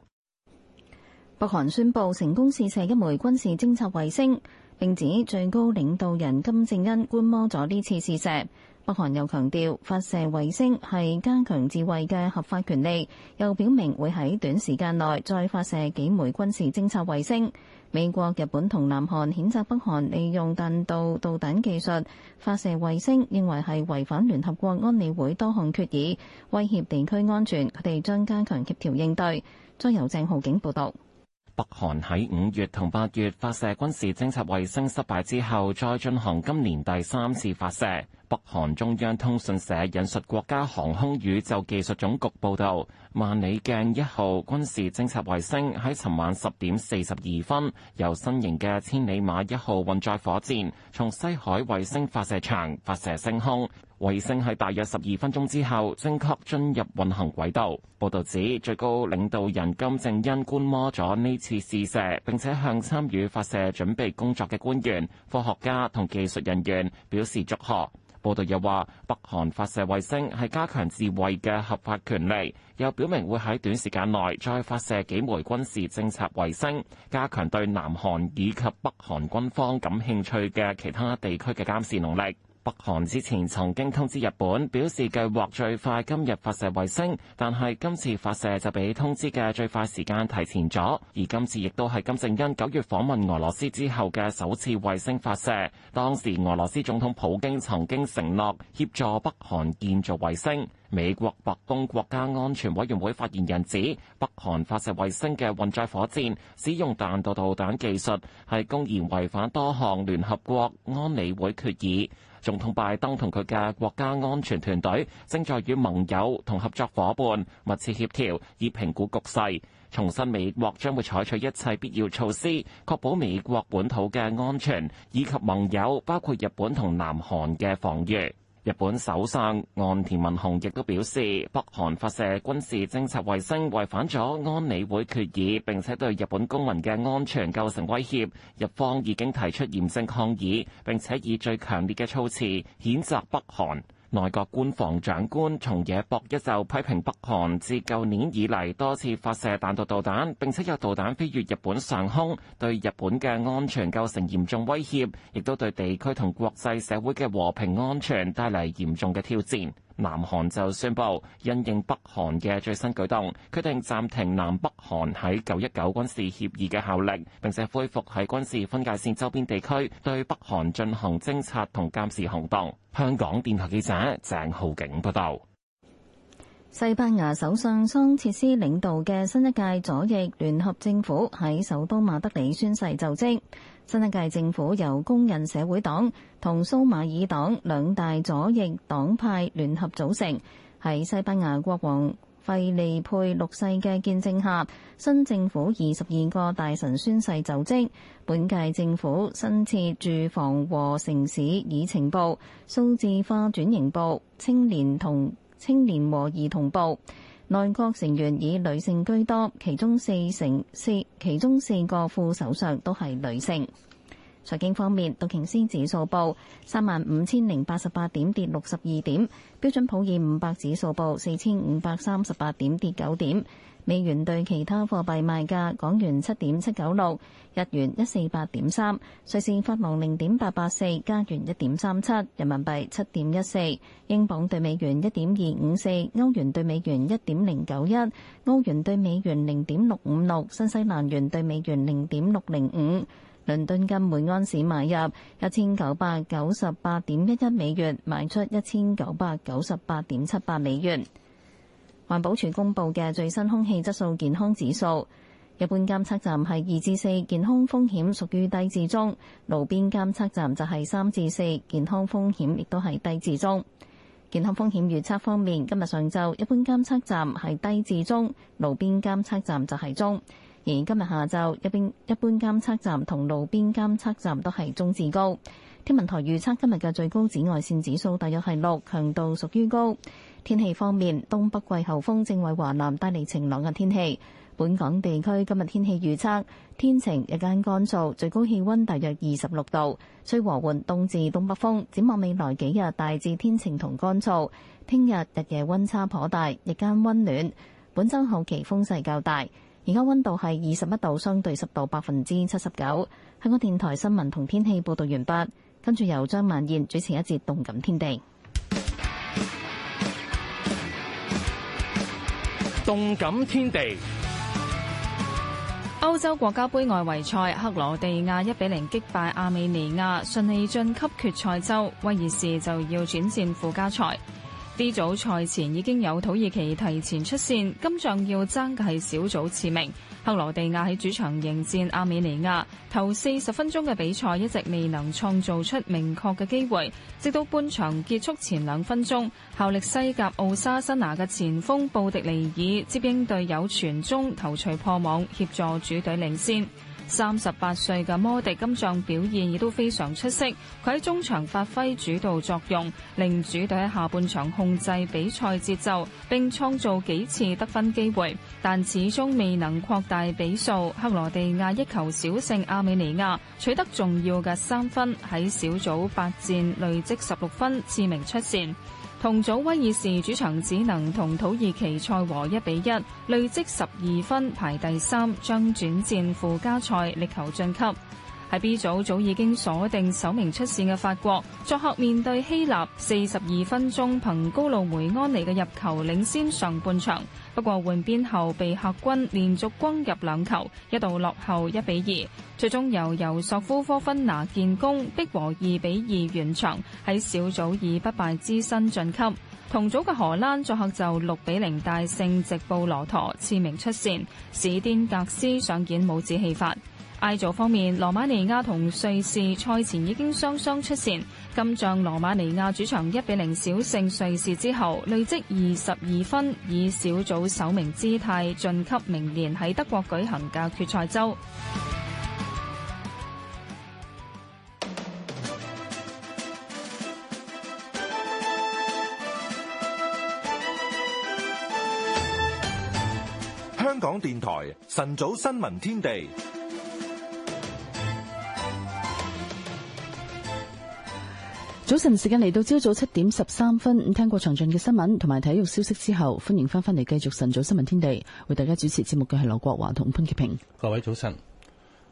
北韓宣布成功試射一枚軍事偵察衛星。並指最高領導人金正恩觀摩咗呢次試射。北韓又強調發射衛星係加強自衛嘅合法權利，又表明會喺短時間內再發射幾枚軍事偵察衛星。美國、日本同南韓譴責北韓利用彈道導彈技術發射衛星，認為係違反聯合國安理會多項決議，威脅地區安全。佢哋將加強協調應對。再由鄭浩景報道。北韓喺五月同八月發射軍事偵察衛星失敗之後，再進行今年第三次發射。北韓中央通訊社引述國家航空宇宙技術總局報導，萬里鏡一號軍事偵察衛星喺尋晚十點四十二分，由新型嘅千里馬一號運載火箭從西海衛星發射場發射升空。衛星喺大約十二分鐘之後，正確進入運行軌道。報導指，最高領導人金正恩觀摩咗呢次試射，並且向參與發射準備工作嘅官員、科學家同技術人員表示祝賀。報導又話，北韓發射衛星係加強自衛嘅合法權利，又表明會喺短時間內再發射幾枚軍事偵察衛星，加強對南韓以及北韓軍方感興趣嘅其他地區嘅監視能力。北韓之前曾經通知日本表示計劃最快今日發射衛星，但係今次發射就比通知嘅最快時間提前咗。而今次亦都係金正恩九月訪問俄羅斯之後嘅首次衛星發射。當時俄羅斯總統普京曾經承諾協助北韓建造衛星。美國白宮國家安全委員會發言人指，北韓發射衛星嘅運載火箭使用彈道導彈技術，係公然違反多項聯合國安理會決議。總統拜登同佢嘅國家安全團隊正在與盟友同合作伙伴密切協調，以評估局勢，重申美國將會採取一切必要措施，確保美國本土嘅安全，以及盟友，包括日本同南韓嘅防禦。日本首相岸田文雄亦都表示，北韓發射軍事偵察衛星違反咗安理會決議，並且對日本公民嘅安全構成威脅，日方已經提出嚴正抗議，並且以最強烈嘅措辭譴責北韓。內閣官房長官松野博一就批評北韓自舊年以嚟多次發射彈道導彈，並且有導彈飛越日本上空，對日本嘅安全構成嚴重威脅，亦都對地區同國際社會嘅和平安全帶嚟嚴重嘅挑戰。南韓就宣布，因應北韓嘅最新舉動，決定暫停南北韓喺九一九軍事協議嘅效力，並且恢復喺軍事分界線周邊地區對北韓進行偵察同監視行動。香港電台記者鄭浩景報道。西班牙首相桑切斯領導嘅新一屆左翼聯合政府喺首都馬德里宣誓就職。新一屆政府由工人社會黨同蘇馬爾黨兩大左翼黨派聯合組成，喺西班牙國王費利佩六世嘅見證下，新政府二十二個大臣宣誓就職。本屆政府新設住房和城市議程部、數字化轉型部、青年同青年和兒童部。內閣成員以女性居多，其中四成四，其中四個副首相都係女性。財經方面，道瓊斯指數報三萬五千零八十八點，跌六十二點；標準普爾五百指數報四千五百三十八點，跌九點。美元兌其他貨幣賣價：港元七點七九六，日元一四八點三，瑞士法郎零點八八四，加元一點三七，人民幣七點一四，英鎊對美元一點二五四，歐元對美元一點零九一，歐元對美元零點六五六，新西蘭元對美元零點六零五。倫敦金每盎司買入一千九百九十八點一一美元，賣出一千九百九十八點七八美元。環保署公布嘅最新空氣質素健康指數，一般監測站係二至四，健康風險屬於低至中；路邊監測站就係三至四，健康風險亦都係低至中。健康風險預測方面，今日上晝一般監測站係低至中，路邊監測站就係中；而今日下晝一邊一般監測站同路邊監測站都係中至高。天文台預測今日嘅最高紫外線指數大約係六，強度屬於高。天氣方面，東北季候風正為華南帶嚟晴朗嘅天氣。本港地區今日天氣預測天晴，日間乾燥，最高氣溫大約二十六度，吹和緩東至東北風。展望未來幾日，大致天晴同乾燥。聽日日夜溫差頗大，日間溫暖。本周後期風勢較大。而家溫度係二十一度，相對濕度百分之七十九。香港電台新聞同天氣報道完畢，跟住由張曼燕主持一節《動感天地》。動感天地。歐洲國家盃外圍賽，克羅地亞一比零擊敗阿美尼亞，順利晉級決賽周。威爾士就要轉戰附加賽。D 組賽前已經有土耳其提前出線，今仗要爭嘅係小組次名。克羅地亞喺主場迎戰阿美尼亞，頭四十分鐘嘅比賽一直未能創造出明確嘅機會，直到半場結束前兩分鐘，效力西甲奧沙辛拿嘅前鋒布迪尼爾接應隊友傳中，頭槌破網，協助主隊領先。三十八歲嘅摩迪金像表現亦都非常出色，佢喺中場發揮主導作用，令主隊喺下半場控制比賽節奏並創造幾次得分機會，但始終未能擴大比數。克羅地亞一球小勝亞美尼亞，取得重要嘅三分，喺小組八戰累積十六分，次名出線。同組威爾士主場只能同土耳其賽和一比一，累積十二分排第三，將轉戰附加賽力求晉級。喺 B 組早已經鎖定首名出線嘅法國，作客面對希臘，四十二分鐘憑高路梅安尼嘅入球領先上半場，不過換邊後被客軍連續攻入兩球，一度落後一比二。最終由尤索夫科芬拿建功，逼和二比二完場，喺小組以不敗之身晉級。同組嘅荷蘭作客就六比零大勝直布羅陀，次名出線，史甸格斯上演帽子戲法。亞洲方面，羅馬尼亞同瑞士賽前已經雙雙出線。今仗羅馬尼亞主場一比零小勝瑞士之後，累積二十二分，以小組首名姿態晉級明年喺德國舉行嘅決賽周。香港電台晨早新聞天地。早晨時間嚟到朝早七點十三分，聽過詳盡嘅新聞同埋體育消息之後，歡迎翻返嚟繼續晨早新聞天地，為大家主持節目嘅係羅國華同潘潔平。各位早晨，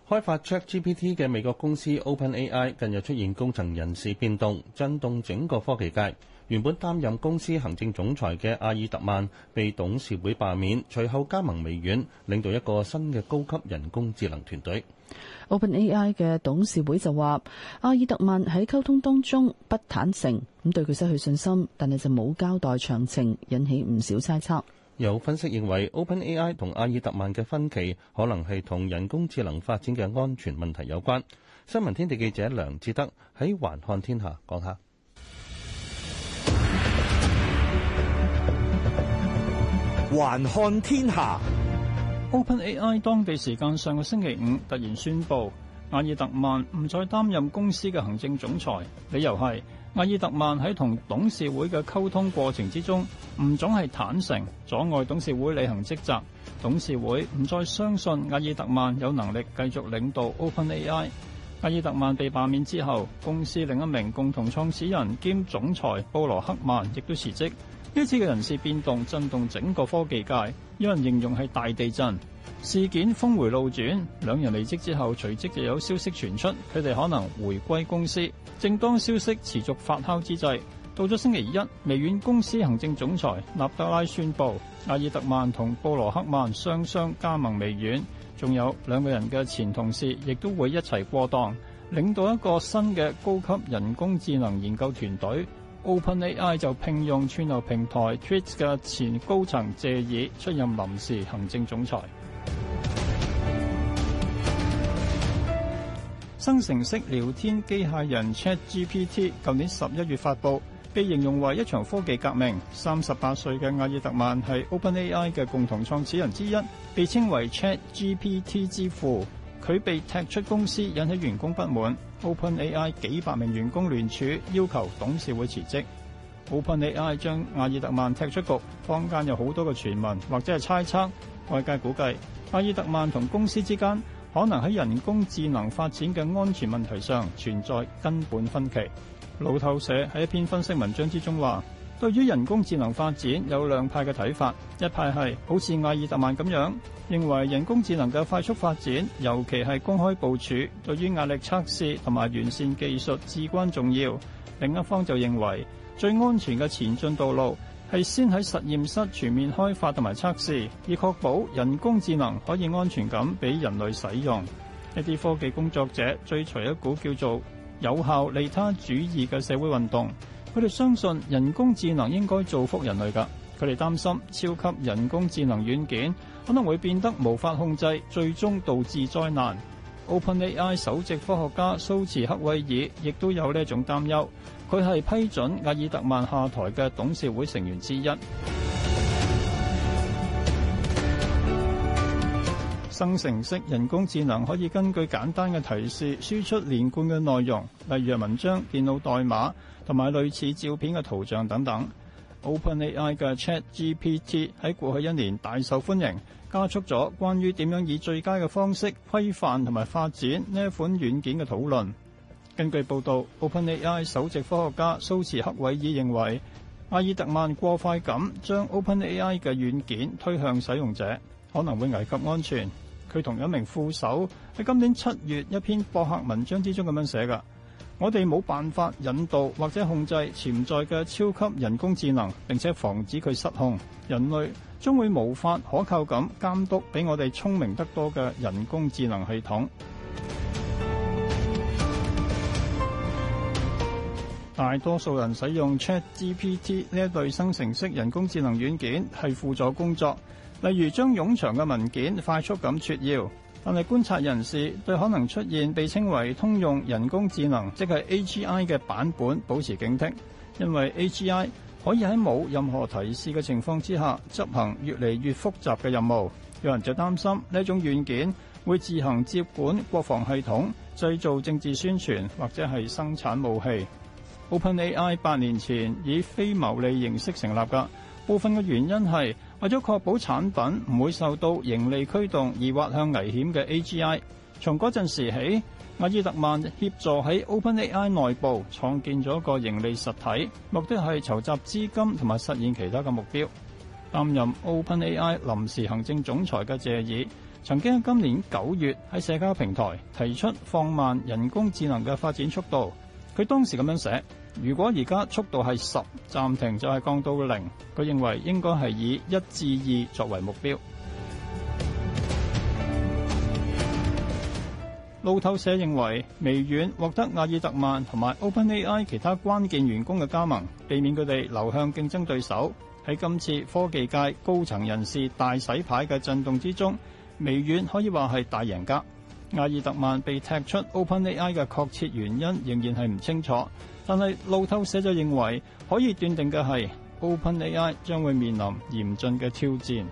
開發 ChatGPT 嘅美國公司 OpenAI 近日出現高層人事變動，震動整個科技界。原本擔任公司行政總裁嘅阿爾特曼被董事會罷免，隨後加盟微軟，領導一個新嘅高級人工智能團隊。OpenAI 嘅董事會就話，阿爾特曼喺溝通當中不坦誠，咁對佢失去信心，但係就冇交代詳情，引起唔少猜測。有分析認為，OpenAI 同阿爾特曼嘅分歧可能係同人工智能發展嘅安全問題有關。新聞天地記者梁志德喺《橫看天下》講下，《橫看天下》。OpenAI 當地時間上個星期五突然宣布，亞爾特曼唔再擔任公司嘅行政總裁，理由係亞爾特曼喺同董事會嘅溝通過程之中唔總係坦誠，阻礙董事會履行職責，董事會唔再相信亞爾特曼有能力繼續領導 OpenAI。亞爾特曼被罷免之後，公司另一名共同創始人兼總裁布羅克曼亦都辭職。呢次嘅人事變動震動整個科技界，有人形容係大地震。事件峰回路轉，兩人離職之後隨即就有消息傳出，佢哋可能回歸公司。正當消息持續發酵之際，到咗星期一，微軟公司行政總裁納德拉宣布，阿爾特曼同布羅克曼雙雙加盟微軟，仲有兩個人嘅前同事亦都會一齊過檔，領導一個新嘅高級人工智能研究團隊。OpenAI 就聘用串流平台 Twitch 嘅前高層謝爾出任臨時行政總裁。生成式聊天機械人 ChatGPT 舊年十一月發布，被形容為一場科技革命。三十八歲嘅亞爾特曼係 OpenAI 嘅共同創始人之一，被稱為 ChatGPT 之父。佢被踢出公司，引起員工不滿。OpenAI 幾百名員工聯署要求董事會辭職，OpenAI 將阿爾特曼踢出局，坊間有好多嘅傳聞或者係猜測，外界估計阿爾特曼同公司之間可能喺人工智能發展嘅安全問題上存在根本分歧。路透社喺一篇分析文章之中話，對於人工智能發展有兩派嘅睇法，一派係好似艾爾特曼咁樣，認為人工智能嘅快速發展，尤其係公開部署，對於壓力測試同埋完善技術至關重要；另一方就認為最安全嘅前進道路係先喺實驗室全面開發同埋測試，以確保人工智能可以安全咁俾人類使用。一啲科技工作者追隨一股叫做有效利他主義嘅社會運動。佢哋相信人工智能應該造福人類㗎。佢哋擔心超級人工智能軟件可能會變得無法控制，最終導致災難。OpenAI 首席科學家蘇茨克維爾亦都有呢一種擔憂。佢係批准阿爾特曼下台嘅董事會成員之一。生成式人工智能可以根據簡單嘅提示輸出連貫嘅內容，例如文章、電腦代碼，同埋類似照片嘅圖像等等，OpenAI 嘅 ChatGPT 喺過去一年大受歡迎，加速咗關於點樣以最佳嘅方式規範同埋發展呢一款軟件嘅討論。根據報導，OpenAI 首席科學家蘇茨克韋爾認為，阿爾特曼過快咁將 OpenAI 嘅軟件推向使用者，可能會危及安全。佢同一名副手喺今年七月一篇博客文章之中咁樣寫嘅。我哋冇辦法引導或者控制潛在嘅超級人工智能，並且防止佢失控。人類將會無法可靠咁監督比我哋聰明得多嘅人工智能系統。 大多數人使用 ChatGPT 呢一類生成式人工智能軟件係輔助工作，例如將冗長嘅文件快速咁撮要。但係，觀察人士對可能出現被稱為通用人工智能，即係 AGI 嘅版本，保持警惕，因為 AGI 可以喺冇任何提示嘅情況之下執行越嚟越複雜嘅任務。有人就擔心呢種軟件會自行接管國防系統、製造政治宣傳或者係生產武器。OpenAI 八年前以非牟利形式成立㗎，部分嘅原因係。為咗確保產品唔會受到盈利驅動而滑向危險嘅 AGI，從嗰陣時起，亞爾特曼協助喺 OpenAI 內部創建咗個盈利實體，目的係籌集資金同埋實現其他嘅目標。擔任 OpenAI 臨時行政總裁嘅謝爾曾經喺今年九月喺社交平台提出放慢人工智能嘅發展速度。佢當時咁樣寫。如果而家速度係十，暫停就係降到零。佢認為應該係以一至二作為目標。路透社認為微軟獲得阿爾特曼同埋 OpenAI 其他關鍵員工嘅加盟，避免佢哋流向競爭對手。喺今次科技界高層人士大洗牌嘅震動之中，微軟可以話係大贏家。阿爾特曼被踢出 OpenAI 嘅確切原因仍然係唔清楚。但係路透社就認為，可以斷定嘅係 OpenAI 將會面臨嚴峻嘅挑戰。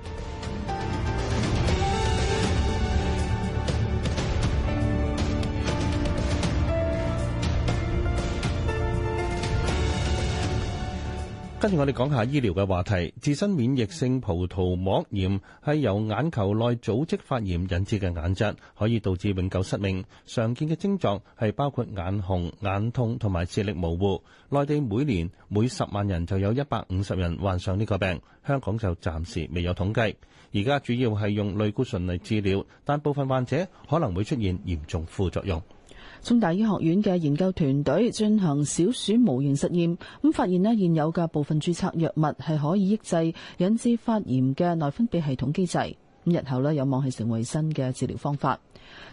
跟住我哋講下醫療嘅話題，自身免疫性葡萄膜炎係由眼球內組織發炎引致嘅眼疾，可以導致永久失明。常見嘅症狀係包括眼紅、眼痛同埋視力模糊。內地每年每十萬人就有一百五十人患上呢個病，香港就暫時未有統計。而家主要係用類固醇嚟治療，但部分患者可能會出現嚴重副作用。中大醫學院嘅研究團隊進行小鼠模型實驗，咁發現咧現有嘅部分註冊藥物係可以抑制引致發炎嘅內分泌系統機制，咁日後咧有望係成為新嘅治療方法。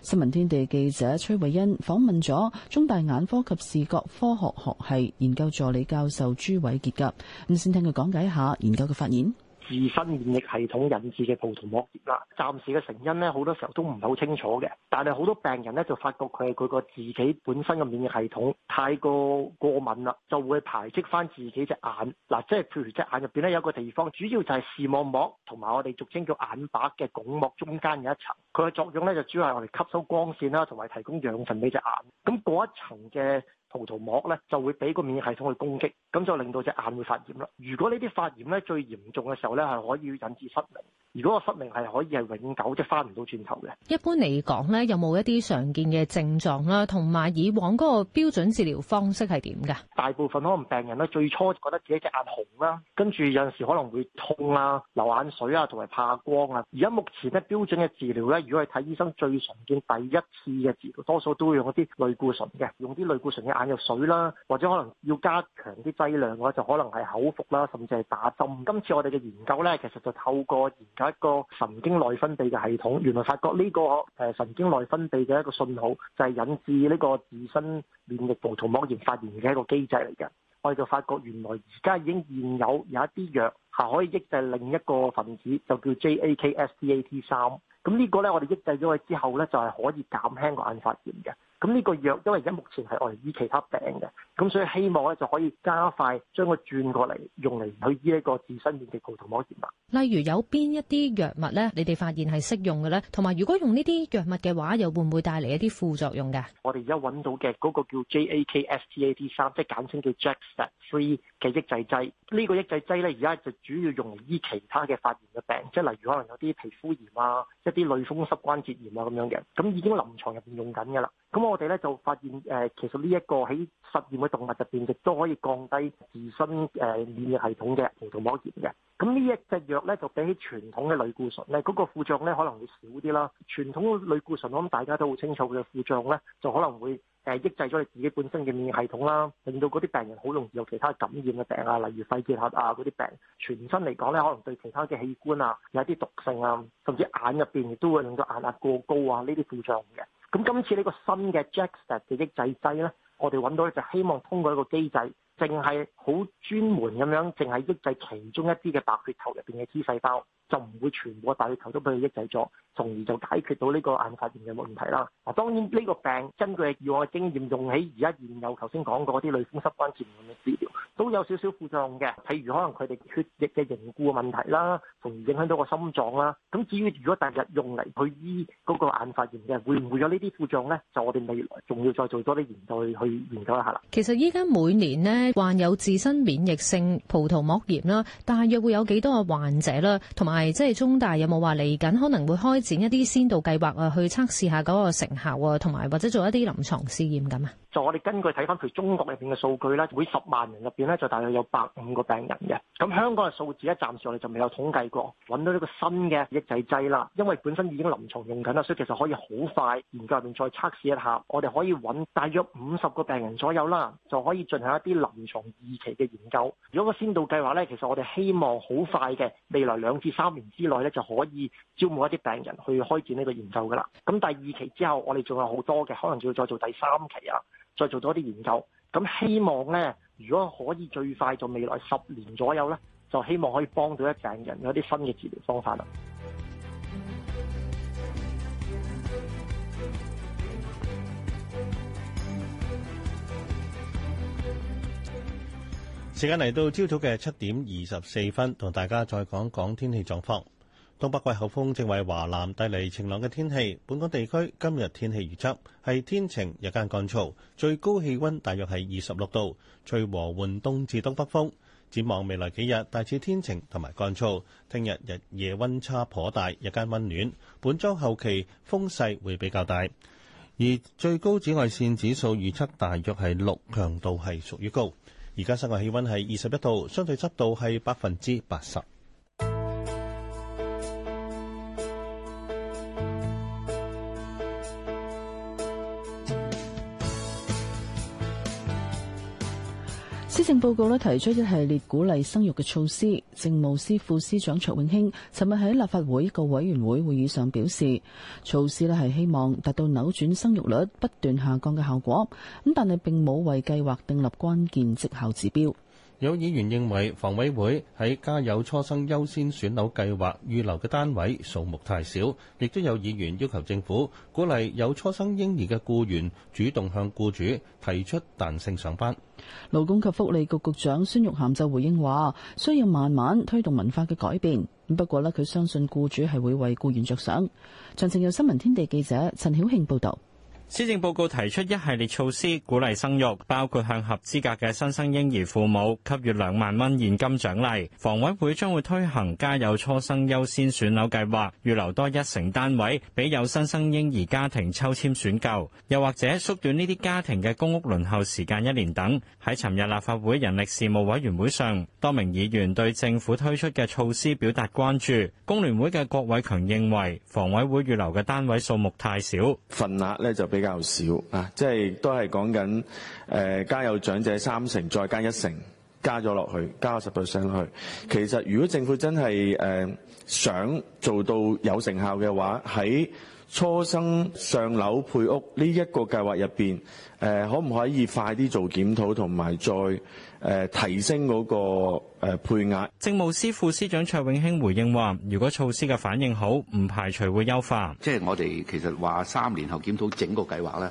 新聞天地記者崔慧恩訪問咗中大眼科及視覺科學學系研究助理教授朱偉杰噶，咁先聽佢講解一下研究嘅發現。自身免疫系統引致嘅葡萄膜炎啦，暫時嘅成因咧好多時候都唔係好清楚嘅，但係好多病人咧就發覺佢係佢個自己本身嘅免疫系統太過過敏啦，就會排斥翻自己隻眼嗱，即係譬如隻眼入邊咧有個地方，主要就係視網膜同埋我哋俗稱叫眼白嘅鞏膜中間嘅一層，佢嘅作用咧就主要係我哋吸收光線啦，同埋提供養分俾隻眼，咁嗰一層嘅。葡萄膜咧就會俾個免疫系統去攻擊，咁就令到隻眼會發炎啦。如果呢啲發炎咧最嚴重嘅時候咧係可以引致失明，如果個失明係可以係永久即係翻唔到轉頭嘅。一般嚟講咧，有冇一啲常見嘅症狀啦？同埋以往嗰個標準治療方式係點㗎？大部分可能病人咧最初覺得自己隻眼紅啦，跟住有陣時可能會痛啊、流眼水啊，同埋怕光啊。而家目前咧標準嘅治療咧，如果係睇醫生最常見第一次嘅治療，多數都會用一啲類固醇嘅，用啲類固醇嘅。眼藥水啦，或者可能要加強啲劑量嘅話，就可能係口服啦，甚至係打針。今次我哋嘅研究呢，其實就透過研究一個神經內分泌嘅系統，原來發覺呢個誒神經內分泌嘅一個信號，就係、是、引致呢個自身免疫葡萄膜炎發炎嘅一個機制嚟嘅。我哋就發覺原來而家已經現有有一啲藥係可以抑制另一個分子，就叫 JAK-STAT 三。咁呢個呢，我哋抑制咗佢之後呢，就係、是、可以減輕個眼發炎嘅。咁呢個藥因為而家目前係我嚟醫其他病嘅，咁所以希望咧就可以加快將佢轉過嚟用嚟去醫呢個自身免疫葡萄膜炎。例如有邊一啲藥物咧，你哋發現係適用嘅咧，同埋如果用呢啲藥物嘅話，又會唔會帶嚟一啲副作用嘅？我哋而家揾到嘅嗰個叫 JAKSTAT 三，3, 即係簡稱叫 JAK 三嘅抑制劑。呢、這個抑制劑咧，而家就主要用嚟醫其他嘅發炎嘅病，即係例如可能有啲皮膚炎啊、一啲類風濕關節炎啊咁樣嘅。咁已經臨床入邊用緊㗎啦。咁我哋咧就發現，誒其實呢一個喺實驗嘅動物入邊，亦都可以降低自身誒免疫系統嘅，葡萄膜炎嘅。咁呢一隻藥咧，就比起傳統嘅類固醇咧，嗰個副作用咧可能會少啲啦。傳統嘅類固醇我諗大家都好清楚佢嘅副作用咧，就可能會誒抑制咗你自己本身嘅免疫系統啦，令到嗰啲病人好容易有其他感染嘅病啊，例如肺結核啊嗰啲病。全身嚟講咧，可能對其他嘅器官啊有啲毒性啊，甚至眼入邊亦都會令到眼壓過高啊呢啲副作用嘅。咁今次呢個新嘅 JAK-STAT 嘅抑制劑咧，我哋揾到咧就希望通過一個機制，淨係。好專門咁樣，淨係抑制其中一啲嘅白血球入邊嘅 T 細胞，就唔會全部白血球都俾佢抑制咗，從而就解決到呢個眼發炎嘅問題啦。嗱，當然呢個病根據以往嘅經驗，用喺而家現有頭先講過啲類風濕關節炎嘅治療，都有少少副作用嘅，譬如可能佢哋血液嘅凝固嘅問題啦，從而影響到個心臟啦。咁至於如果第日用嚟去醫嗰個眼發炎嘅，會唔會有呢啲副作用咧？就我哋未來仲要再做多啲研究去研究一下啦。其實依家每年咧患有自身免疫性葡萄膜炎啦，大約會有幾多個患者啦？同埋即係中大有冇話嚟緊可能會開展一啲先導計劃啊，去測試下嗰個成效啊，同埋或者做一啲臨床試驗咁啊？就我哋根據睇返佢中國入邊嘅數據咧，每十萬人入邊咧就大約有百五個病人嘅。咁香港嘅數字咧，暫時我哋就未有統計過。揾到呢個新嘅抑制劑啦，因為本身已經臨床用緊啦，所以其實可以好快研究入邊再測試一下。我哋可以揾大約五十個病人左右啦，就可以進行一啲臨床嘅研究，如果個先導計劃呢，其實我哋希望好快嘅未來兩至三年之內呢，就可以招募一啲病人去開展呢個研究噶啦。咁第二期之後，我哋仲有好多嘅，可能仲要再做第三期啊，再做多啲研究。咁希望呢，如果可以最快做未來十年左右呢，就希望可以幫到一病人有一啲新嘅治療方法啦。時間嚟到朝早嘅七點二十四分，同大家再講講天氣狀況。東北季候風正為華南帶嚟晴朗嘅天氣。本港地區今日天氣預測係天晴，日間乾燥，最高氣温大約係二十六度，吹和緩東至東北風。展望未來幾日，大致天晴同埋乾燥。聽日日夜温差頗大，日間温暖。本周後期風勢會比較大，而最高紫外線指數預測大約係六，強度係屬於高。而家室外氣溫係二十一度，相對濕度係百分之八十。施政報告呢提出一系列鼓勵生育嘅措施，政務司副司長卓永興尋日喺立法會一個委員會會議上表示，措施呢係希望達到扭轉生育率不斷下降嘅效果，咁但係並冇為計劃訂立關鍵績效指標。有議員認為房委會喺家有初生優先選樓計劃預留嘅單位數目太少，亦都有議員要求政府鼓勵有初生嬰兒嘅雇員主動向雇主提出彈性上班。勞工及福利局局，局長孫玉菡就回應話：需要慢慢推動文化嘅改變。不過咧，佢相信雇主係會為雇員着想。詳情有新聞天地記者陳曉慶報道。施政報告提出一系列措施鼓勵生育，包括向合資格嘅新生嬰兒父母給予兩萬蚊現金獎勵。房委會將會推行家有初生優先選樓計劃，預留多一成單位俾有新生嬰兒家庭抽籤選購，又或者縮短呢啲家庭嘅公屋輪候時間一年等。喺尋日立法會人力事務委員會上，多名議員對政府推出嘅措施表達關注。工聯會嘅郭偉強認為，房委會預留嘅單位數目太少，份額呢就比。比較少啊，即係都係講緊誒，加有長者三成，再加一成，加咗落去，加十 percent 上去。其實如果政府真係誒、呃、想做到有成效嘅話，喺初生上樓配屋呢一個計劃入邊，誒、呃、可唔可以快啲做檢討，同埋再誒、呃、提升嗰個配額，政務司副司長卓永興回應話，如果措施嘅反應好，唔排除會優化。即係我哋其實話三年後檢討整個計劃咧，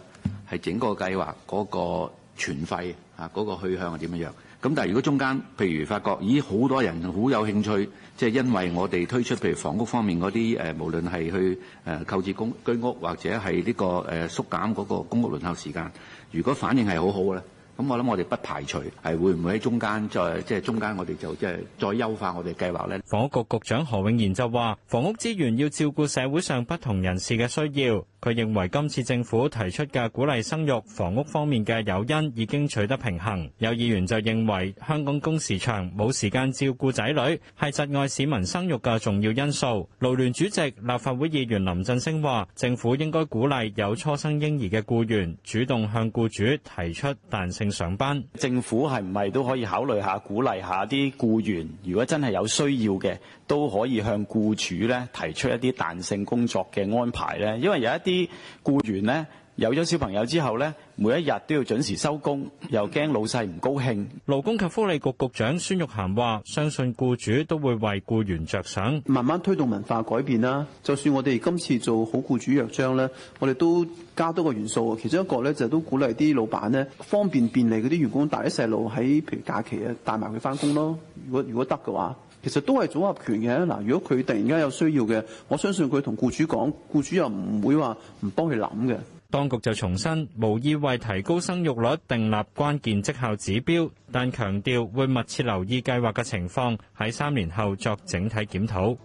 係整個計劃嗰個存費啊，嗰、那個去向係點樣樣，咁但係如果中間譬如發覺咦好多人好有興趣，即、就、係、是、因為我哋推出譬如房屋方面嗰啲誒無論係去誒購置公居屋或者係呢個誒縮減嗰個公屋輪候時間，如果反應係好好嘅咧？咁我諗我哋不排除係會唔會喺中間再，即係中間我哋就，即係再優化我哋計劃咧。房屋局局長何永賢就話：房屋資源要照顧社會上不同人士嘅需要。佢認為今次政府提出嘅鼓勵生育房屋方面嘅誘因已經取得平衡。有議員就認為香港工時長，冇時間照顧仔女係窒礙市民生育嘅重要因素。勞聯主席立法會議員林振昇話，政府應該鼓勵有初生嬰兒嘅僱員主動向僱主提出彈性上班。政府係唔係都可以考慮下鼓勵下啲僱員，如果真係有需要嘅，都可以向僱主咧提出一啲彈性工作嘅安排咧，因為有一啲。啲僱員咧有咗小朋友之後咧，每一日都要準時收工，又驚老細唔高興。勞工及福利局局長孫玉菡話，相信雇主都會為僱員着想，慢慢推動文化改變啦。就算我哋今次做好雇主約章咧，我哋都加多個元素，其中一個咧就都鼓勵啲老闆咧，方便便利嗰啲員工帶啲細路喺，譬如假期啊，帶埋佢翻工咯。如果如果得嘅話。其實都係組合權嘅嗱，如果佢突然間有需要嘅，我相信佢同僱主講，僱主又唔會話唔幫佢諗嘅。當局就重申，無意為提高生育率訂立關鍵績效指標，但強調會密切留意計劃嘅情況，喺三年後作整體檢討。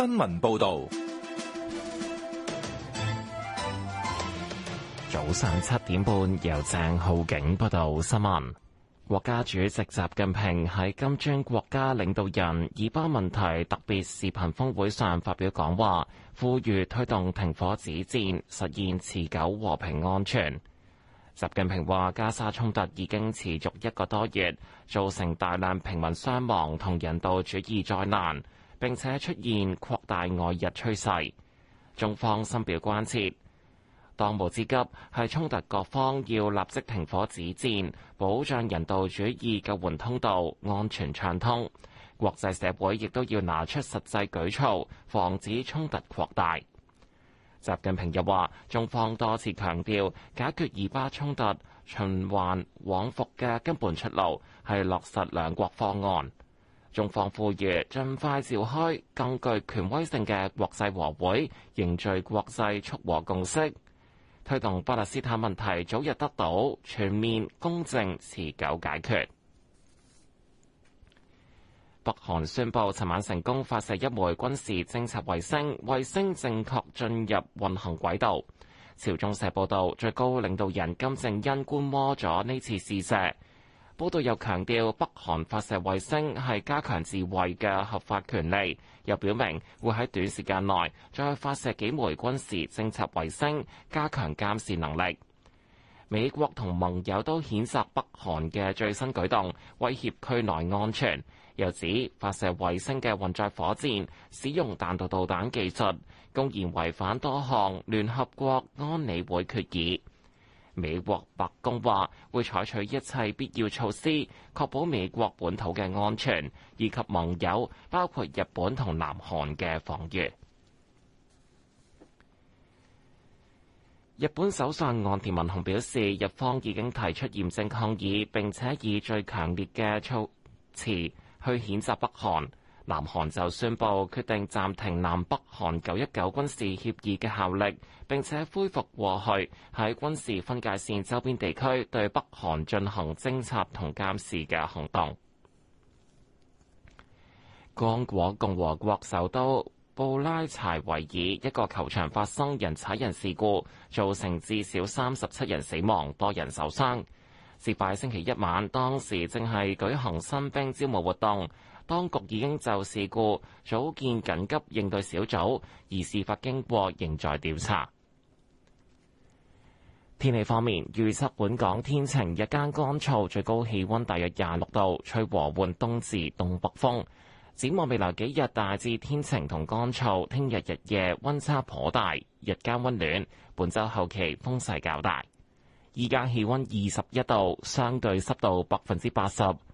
新聞報道，早上七點半由鄭浩景報道新聞。國家主席習近平喺金磚國家領導人以巴問題特別視頻峰會上發表講話，呼籲推動停火止戰，實現持久和平安全。習近平話：加沙衝突已經持續一個多月，造成大量平民傷亡同人道主義災難。並且出現擴大外溢趨勢，中方深表關切。當務之急係衝突各方要立即停火止戰，保障人道主義救援通道安全暢通。國際社會亦都要拿出實際舉措，防止衝突擴大。習近平又話：中方多次強調，解決以巴衝突循環往復嘅根本出路係落實兩國方案。中方呼籲盡快召開更具權威性嘅國際和會，凝聚國際促和共識，推動巴勒斯坦問題早日得到全面、公正、持久解決。北韓宣布，尋晚成功發射一枚軍事偵察衛星，衛星正確進入運行軌道。朝中社報導，最高領導人金正恩觀摩咗呢次試射。報道又強調，北韓發射衛星係加強自衛嘅合法權利，又表明會喺短時間內再發射幾枚軍事偵察衛星，加強監視能力。美國同盟友都譴責北韓嘅最新舉動，威脅區內安全，又指發射衛星嘅運載火箭使用彈道導彈技術，公然違反多項聯合國安理會決議。美國白宮話會採取一切必要措施，確保美國本土嘅安全以及盟友，包括日本同南韓嘅防禦。日本首相岸田文雄表示，日方已經提出嚴正抗議，並且以最強烈嘅措辭去譴責北韓。南韓就宣布決定暫停南北韓九一九軍事協議嘅效力，並且恢復過去喺軍事分界線周邊地區對北韓進行偵察同監視嘅行動。剛果共和國首都布拉柴維爾一個球場發生人踩人事故，造成至少三十七人死亡，多人受傷。事發星期一晚，當時正係舉行新兵招募活動。當局已經就事故組建緊急應對小組，而事發經過仍在調查。天氣方面，預測本港天晴，日間乾燥，最高氣温大約廿六度，吹和緩東至東北風。展望未來幾日大致天晴同乾燥，聽日日夜温差頗大，日間温暖。本週後期風勢較大。依家氣温二十一度，相對濕度百分之八十。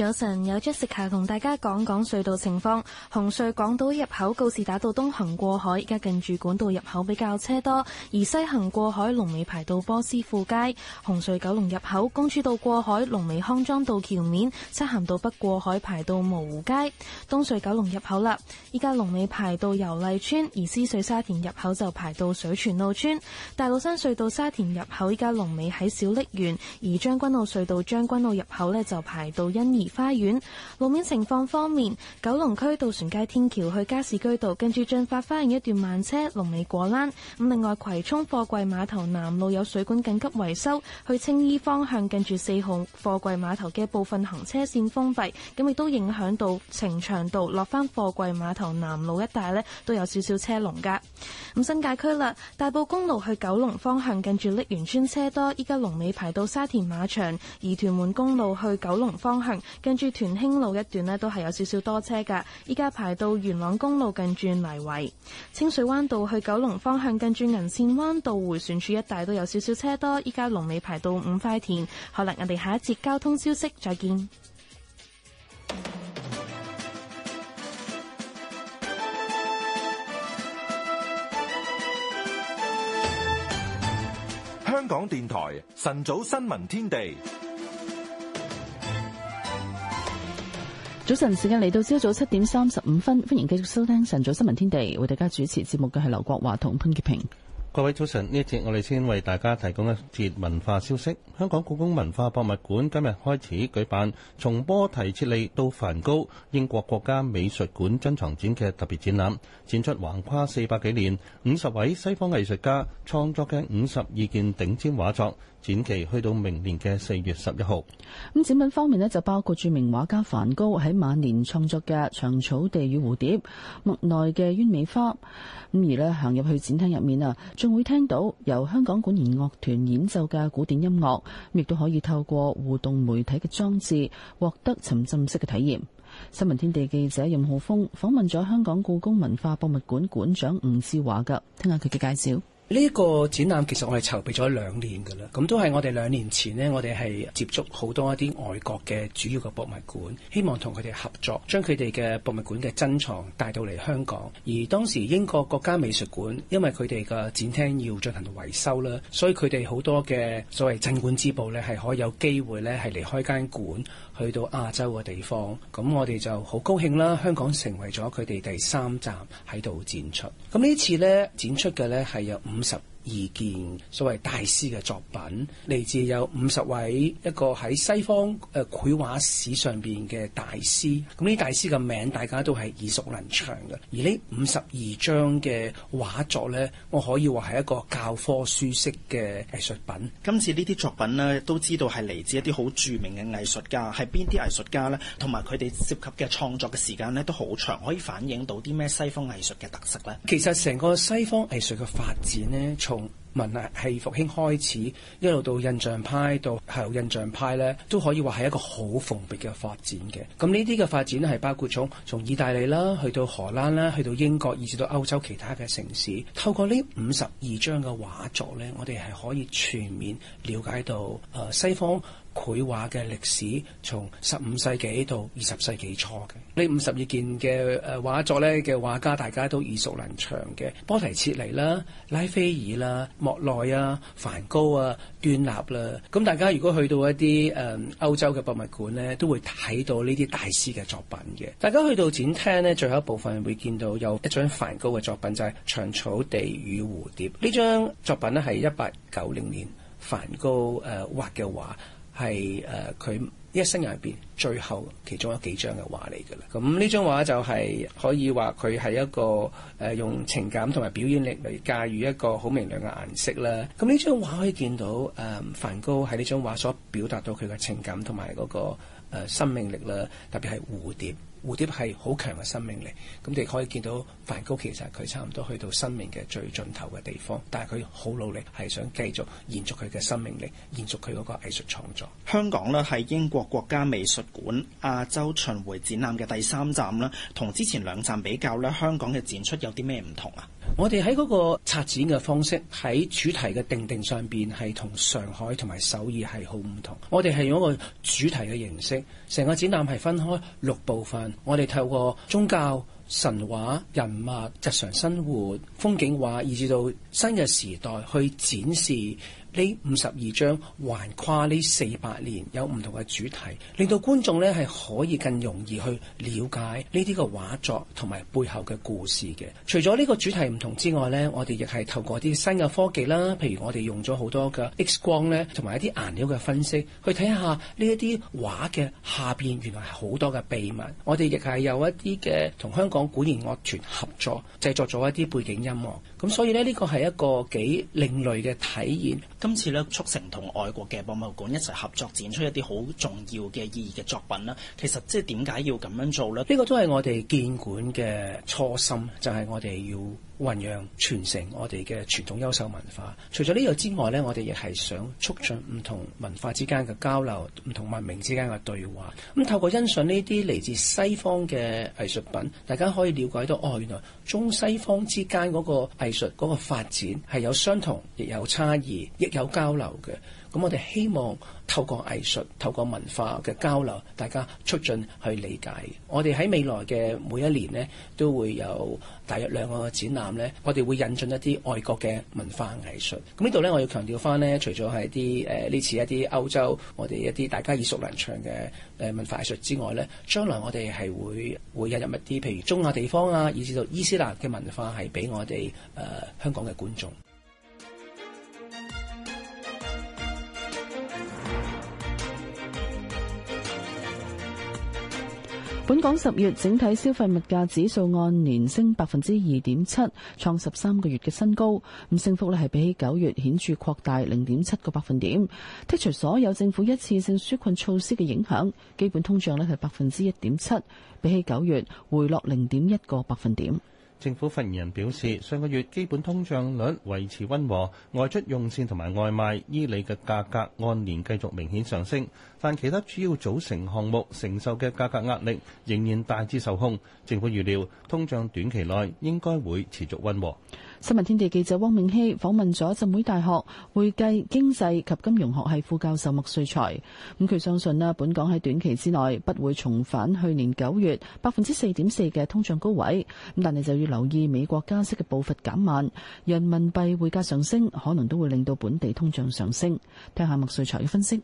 早晨，有 Jessica 同大家講講隧道情況。紅隧港島入口告士打道東行過海，而家近住管道入口比較車多；而西行過海龍尾排到波斯富街。紅隧九龍入口公主道過海龍尾康莊道橋面，漆咸道北過海排到蕪湖街。東隧九龍入口啦，依家龍尾排到油麗邨；而獅隧沙田入口就排到水泉澳邨。大老山隧道沙田入口依家龍尾喺小瀝源，而將軍澳隧道將軍澳入口呢，就排到欣怡。花園路面情況方面，九龍區渡船街天橋去加士居道，跟住進發花園一段慢車龍尾過欄；咁另外葵涌貨櫃碼頭南路有水管緊急維修，去青衣方向跟住四號貨櫃碼頭嘅部分行車線封閉，咁亦都影響到呈祥道落翻貨櫃碼頭南路一帶咧，都有少少車龍噶。咁新界區啦，大埔公路去九龍方向跟住瀝源村車多，依家龍尾排到沙田馬場；而屯門公路去九龍方向。跟住屯興路一段呢，都係有少少多車㗎。依家排到元朗公路近住泥圍、清水灣道去九龍方向，近住銀線灣道迴旋處一帶都有少少車多。依家龍尾排到五塊田。好啦，我哋下一節交通消息，再見。香港電台晨早新聞天地。早晨，時間嚟到朝早七點三十五分，歡迎繼續收聽晨早新聞天地。為大家主持節目嘅係劉國華同潘潔平。各位早晨，呢一節我哋先為大家提供一節文化消息。香港故宮文化博物館今日開始舉辦《從波提切利到梵高：英國國家美術館珍藏展》嘅特別展覽，展出橫跨四百幾年、五十位西方藝術家創作嘅五十二件頂尖畫作。展期去到明年嘅四月十一號。咁展品方面呢，就包括著名畫家梵高喺晚年創作嘅《長草地與蝴蝶》，莫內嘅鳶尾花。咁而呢行入去展廳入面啊，仲會聽到由香港管弦樂團演奏嘅古典音樂，亦都可以透過互動媒體嘅裝置獲得沉浸式嘅體驗。新聞天地記者任浩峰訪問咗香港故宮文化博物館館長吳志華噶，聽下佢嘅介紹。呢個展覽其實我哋籌備咗兩年噶啦，咁都係我哋兩年前呢，我哋係接觸好多一啲外國嘅主要嘅博物館，希望同佢哋合作，將佢哋嘅博物館嘅珍藏帶到嚟香港。而當時英國國家美術館因為佢哋嘅展廳要進行維修啦，所以佢哋好多嘅所謂鎮館之寶呢，係可以有機會呢，係離開間館。去到亞洲嘅地方，咁我哋就好高興啦！香港成為咗佢哋第三站喺度展出。咁呢次咧，展出嘅咧係有五十。意件所謂大師嘅作品，嚟自有五十位，一個喺西方誒、呃、繪畫史上邊嘅大師，咁呢大師嘅名大家都係耳熟能詳嘅。而呢五十二張嘅畫作咧，我可以話係一個教科書式嘅藝術品。今次呢啲作品咧，都知道係嚟自一啲好著名嘅藝術家，係邊啲藝術家咧？同埋佢哋涉及嘅創作嘅時間咧都好長，可以反映到啲咩西方藝術嘅特色咧？其實成個西方藝術嘅發展咧，從文藝係復興開始，一路到印象派，到後印象派咧，都可以話係一個好蓬勃嘅發展嘅。咁呢啲嘅發展係包括咗從，從意大利啦，去到荷蘭啦，去到英國，以至到歐洲其他嘅城市。透過呢五十二張嘅畫作咧，我哋係可以全面了解到誒西方。繪畫嘅歷史，從十五世紀到二十世紀初嘅，呢五十二件嘅誒、呃、畫作咧，嘅畫家大家都耳熟能詳嘅，波提切利啦、拉斐爾啦、莫奈啊、梵高啊、端納啦。咁大家如果去到一啲誒、呃、歐洲嘅博物館咧，都會睇到呢啲大師嘅作品嘅。大家去到展廳咧，最後一部分會見到有一張梵高嘅作品，就係、是《長草地與蝴蝶》呢張作品咧，係一八九零年梵高誒、呃、畫嘅畫。係誒，佢、呃、一生入邊最後其中有幾張嘅畫嚟㗎啦。咁呢張畫就係可以話佢係一個誒、呃、用情感同埋表演力嚟駕馭一個好明亮嘅顏色啦。咁呢張畫可以見到誒梵、呃、高喺呢張畫所表達到佢嘅情感同埋嗰個、呃、生命力啦，特別係蝴蝶。蝴蝶係好強嘅生命力，咁你可以見到梵高其實佢差唔多去到生命嘅最盡頭嘅地方，但係佢好努力，係想繼續延續佢嘅生命力，延續佢嗰個藝術創作。香港呢係英國國家美術館亞洲巡迴展覽嘅第三站啦，同之前兩站比較呢，香港嘅展出有啲咩唔同啊？我哋喺嗰個策展嘅方式，喺主題嘅定定上邊，係同上海同埋首爾係好唔同。我哋係用一個主題嘅形式，成個展覽係分開六部分。我哋透過宗教、神話、人物、日常生活、風景畫，以至到新嘅時代去展示。呢五十二張橫跨呢四百年，有唔同嘅主題，令到觀眾呢係可以更容易去了解呢啲嘅畫作同埋背後嘅故事嘅。除咗呢個主題唔同之外呢，我哋亦係透過啲新嘅科技啦，譬如我哋用咗好多嘅 X 光呢同埋一啲顏料嘅分析，去睇下呢一啲畫嘅下邊原來係好多嘅秘密。我哋亦係有一啲嘅同香港管弦樂團合作，製作咗一啲背景音樂。咁所以呢，呢個係一個幾另類嘅體驗。今次咧，促成同外國嘅博物館一齊合作，展出一啲好重要嘅意義嘅作品啦。其實即係點解要咁樣做呢？呢個都係我哋建館嘅初心，就係我哋要。弘揚傳承我哋嘅傳統優秀文化，除咗呢個之外咧，我哋亦係想促進唔同文化之間嘅交流，唔同文明之間嘅對話。咁透過欣賞呢啲嚟自西方嘅藝術品，大家可以了解到，哦，原來中西方之間嗰個藝術嗰個發展係有相同，亦有差異，亦有交流嘅。咁我哋希望透過藝術、透過文化嘅交流，大家促進去理解。我哋喺未來嘅每一年呢，都會有大約兩個展覽呢，我哋會引進一啲外國嘅文化藝術。咁呢度呢，我要強調翻呢，除咗係啲誒呢次一啲歐洲，我哋一啲大家耳熟能詳嘅誒文化藝術之外呢，將來我哋係會會引入一啲，譬如中亞地方啊，以至到伊斯蘭嘅文化係俾我哋誒、呃、香港嘅觀眾。本港十月整體消費物價指數按年升百分之二點七，創十三個月嘅新高。咁升幅咧係比起九月顯著擴大零點七個百分點。剔除所有政府一次性紓困措施嘅影響，基本通脹咧係百分之一點七，比起九月回落零點一個百分點。政府發言人表示，上個月基本通脹率維持溫和，外出用膳同埋外賣、衣履嘅價格按年繼續明顯上升。但其他主要組成項目承受嘅價格壓力仍然大致受控。政府預料通脹短期內應該會持續溫和。新聞天地記者汪明希訪問咗浸會大學會計經濟及金融學系副教授麥瑞才。咁佢相信啦，本港喺短期之內不會重返去年九月百分之四點四嘅通脹高位。咁但係就要留意美國加息嘅步伐減慢，人民幣匯價上升可能都會令到本地通脹上升。聽下麥瑞才嘅分析。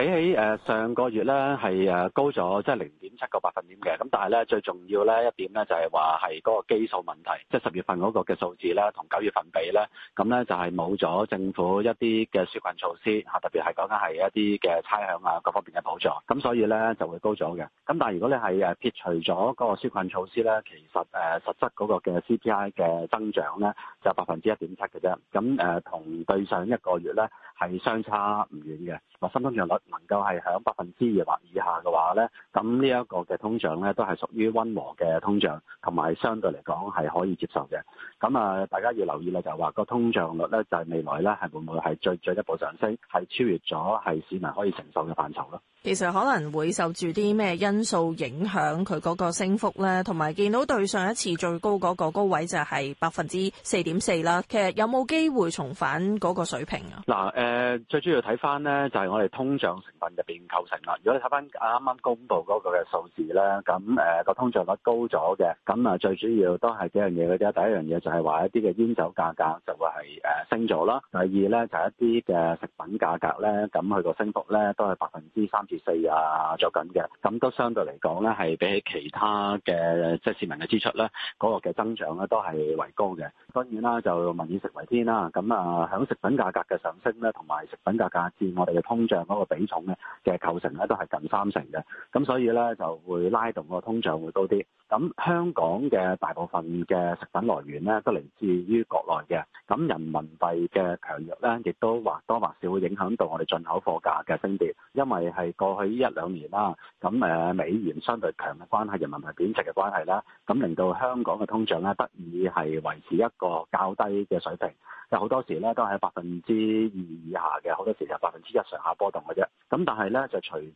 比起誒、呃、上個月咧係誒高咗即係零點七個百分點嘅，咁但係咧最重要咧一點咧就係話係嗰個基數問題，即係十月份嗰個嘅數字咧同九月份比咧，咁咧就係冇咗政府一啲嘅紓困措施嚇，特別係講緊係一啲嘅差餉啊各方面嘅補助，咁所以咧就會高咗嘅。咁但係如果你係誒撇除咗嗰個紓困措施咧，其實誒、呃、實質嗰個嘅 CPI 嘅增長咧就百分之一點七嘅啫，咁誒同對上一個月咧係相差唔遠嘅，核心通脹率。能夠係響百分之二或以下嘅話咧，咁呢一個嘅通脹咧都係屬於溫和嘅通脹，同埋相對嚟講係可以接受嘅。咁啊，大家要留意咧，就係話個通脹率咧就係、是、未來咧係會唔會係再進一步上升，係超越咗係市民可以承受嘅範疇咯。其實可能會受住啲咩因素影響佢嗰個升幅咧，同埋見到對上一次最高嗰個高位就係百分之四點四啦。其實有冇機會重返嗰個水平啊？嗱，誒、呃，最主要睇翻咧就係、是、我哋通脹成分入邊構成啦。如果你睇翻啱啱公布嗰個嘅數字咧，咁誒個通脹率高咗嘅，咁啊最主要都係幾樣嘢嘅啫。第一樣嘢就係話一啲嘅煙酒價格就會係誒、呃、升咗啦。第二咧就係、是、一啲嘅食品價格咧，咁佢個升幅咧都係百分之三。四啊，做緊嘅，咁都相對嚟講咧，係比起其他嘅即係市民嘅支出咧，嗰個嘅增長咧都係為高嘅。當然啦，就民以食為天啦，咁啊，響食品價格嘅上升咧，同埋食品價格佔我哋嘅通脹嗰個比重咧嘅構成咧都係近三成嘅，咁所以咧就會拉動個通脹會高啲。咁香港嘅大部分嘅食品來源咧都嚟自於國內嘅，咁人民幣嘅強弱咧亦都或多或少會影響到我哋進口貨價嘅升跌，因為係。過去呢一兩年啦，咁誒美元相對強嘅關係，人民幣貶值嘅關係啦，咁令到香港嘅通脹咧得以係維持一個較低嘅水平，有好多時咧都係百分之二以下嘅，好多時就百分之一上下波動嘅啫。咁但係咧就隨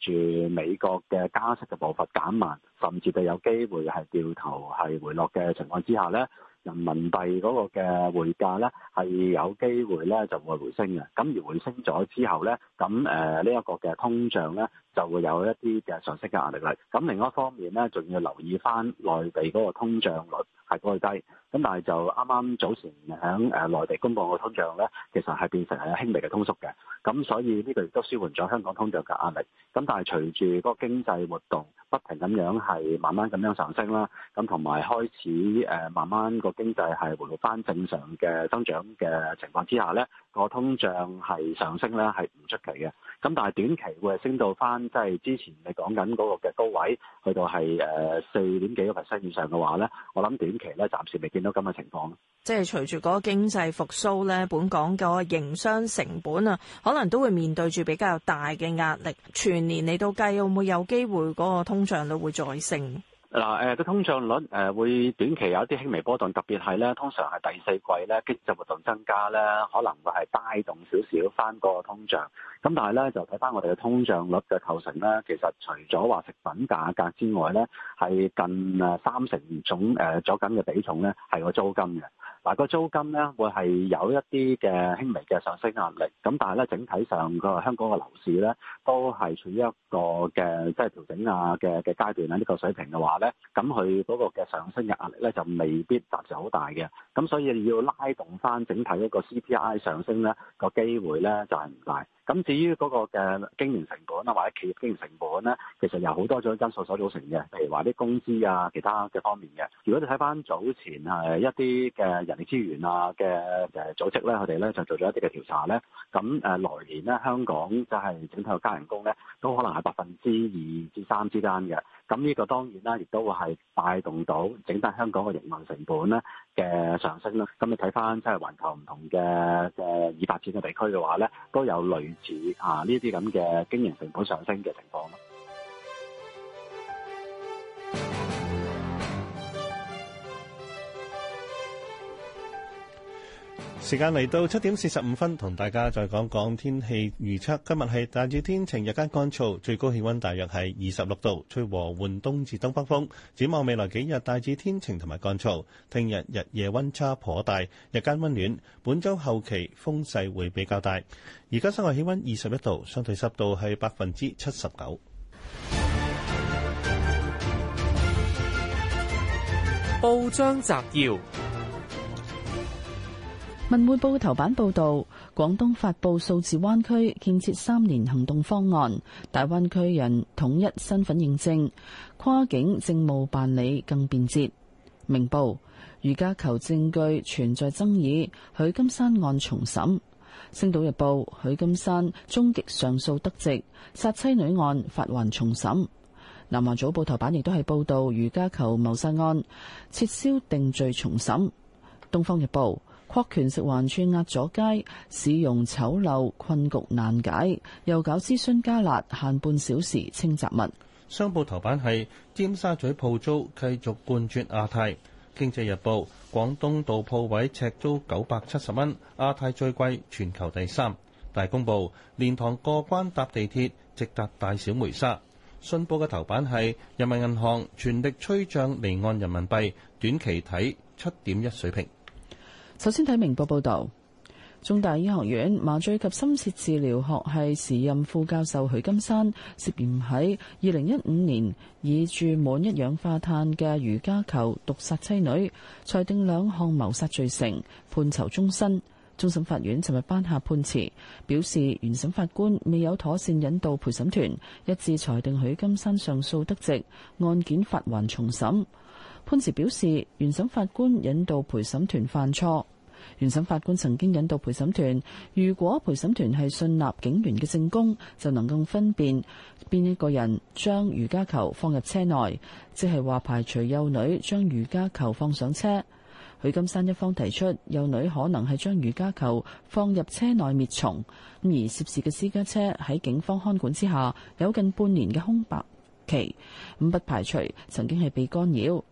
住美國嘅加息嘅步伐減慢，甚至就有機會係掉頭係回落嘅情況之下咧。人民幣嗰個嘅匯價咧，係有機會咧就會回升嘅。咁而回升咗之後咧，咁誒呢一個嘅通脹咧。就會有一啲嘅上升嘅壓力啦。咁另一方面咧，仲要留意翻內地嗰個通脹率係高係低。咁但係就啱啱早前喺誒內地公布嘅通脹咧，其實係變成係有輕微嘅通縮嘅。咁所以呢個亦都舒緩咗香港通脹嘅壓力。咁但係隨住嗰個經濟活動不停咁樣係慢慢咁樣上升啦，咁同埋開始誒慢慢個經濟係回復翻正常嘅增長嘅情況之下咧，個通脹係上升咧係唔出奇嘅。咁但係短期會係升到翻。即係之前你講緊嗰個嘅高位，去到係誒四點幾個 percent 以上嘅話咧，我諗短期咧暫時未見到咁嘅情況。即係隨住嗰個經濟復甦咧，本港嗰個營商成本啊，可能都會面對住比較大嘅壓力。全年你都計，會唔會有機會嗰個通脹率會再升？嗱誒，個通脹率誒會短期有一啲輕微波動，特別係咧，通常係第四季咧，經濟活動增加咧，可能會係帶動少少翻個通脹。咁但係咧，就睇翻我哋嘅通脹率嘅構成咧，其實除咗話食品價格之外咧，係近誒三成總誒左緊嘅比重咧係個租金嘅。嗱個租金咧會係有一啲嘅輕微嘅上升壓力。咁但係咧，整體上個香港嘅樓市咧都係處於一個嘅即係調整啊嘅嘅階段啊，呢個水平嘅話咧。咁佢嗰個嘅上升嘅壓力咧就未必達至好大嘅，咁所以你要拉動翻整體一個 CPI 上升咧，嗰個機會咧就係、是、唔大。咁至於嗰個嘅經營成本啊，或者企業經營成本咧，其實由好多種因素所組成嘅，譬如話啲工資啊，其他嘅方面嘅。如果你睇翻早前係一啲嘅人力資源啊嘅誒組織咧，佢哋咧就做咗一啲嘅調查咧。咁誒來年咧，香港就係整體加人工咧，都可能係百分之二至三之間嘅。咁呢個當然啦，亦都會係帶動到整體香港嘅營運成本咧嘅上升啦。咁你睇翻即係環球唔同嘅嘅已發展嘅地區嘅話咧，都有類似啊呢啲咁嘅經營成本上升嘅情況咯。時間嚟到七點四十五分，同大家再講講天氣預測。今日係大致天晴，日間乾燥，最高氣温大約係二十六度，吹和緩東至東北風。展望未來幾日，大致天晴同埋乾燥。聽日日夜温差頗大，日間温暖。本周後期風勢會比較大。而家室外氣温二十一度，相對濕度係百分之七十九。報章摘要。《文匯報》頭版報道，廣東發布數字灣區建設三年行動方案，大灣區人統一身份認證，跨境政務辦理更便捷。《明報》瑜伽球證據存在爭議，許金山案重審。《星島日報》許金山終極上訴得直，殺妻女案發還重審。《南華早報》頭版亦都係報道瑜伽球謀殺案撤銷定罪重審。《東方日報》闊權食環署壓咗街，市容醜陋困局難解，又搞諮詢加辣，限半小時清雜物。商報頭版係尖沙咀鋪租繼續冠絕亞太。經濟日報廣東道鋪位尺租九百七十蚊，亞太最貴，全球第三。大公報蓮塘過關搭地鐵，直達大小梅沙。信報嘅頭版係人民銀行全力催漲離岸人民幣，短期睇七點一水平。首先睇明報報道，中大醫學院麻醉及深切治療學系時任副教授許金山涉嫌喺二零一五年以注滿一氧化碳嘅瑜伽球毒殺妻女，裁定兩項謀殺罪成，判囚終，終身。終審法院尋日頒下判詞，表示原審法官未有妥善引導陪審團，一致裁定許金山上訴得直。案件發還重審。判詞表示，原審法官引導陪審團犯錯。原審法官曾經引導陪審團：如果陪審團係信納警員嘅證供，就能夠分辨邊一個人將瑜伽球放入車內，即係話排除幼女將瑜伽球放上車。許金山一方提出幼女可能係將瑜伽球放入車內滅蟲，而涉事嘅私家車喺警方看管之下有近半年嘅空白期，咁不排除曾經係被干擾。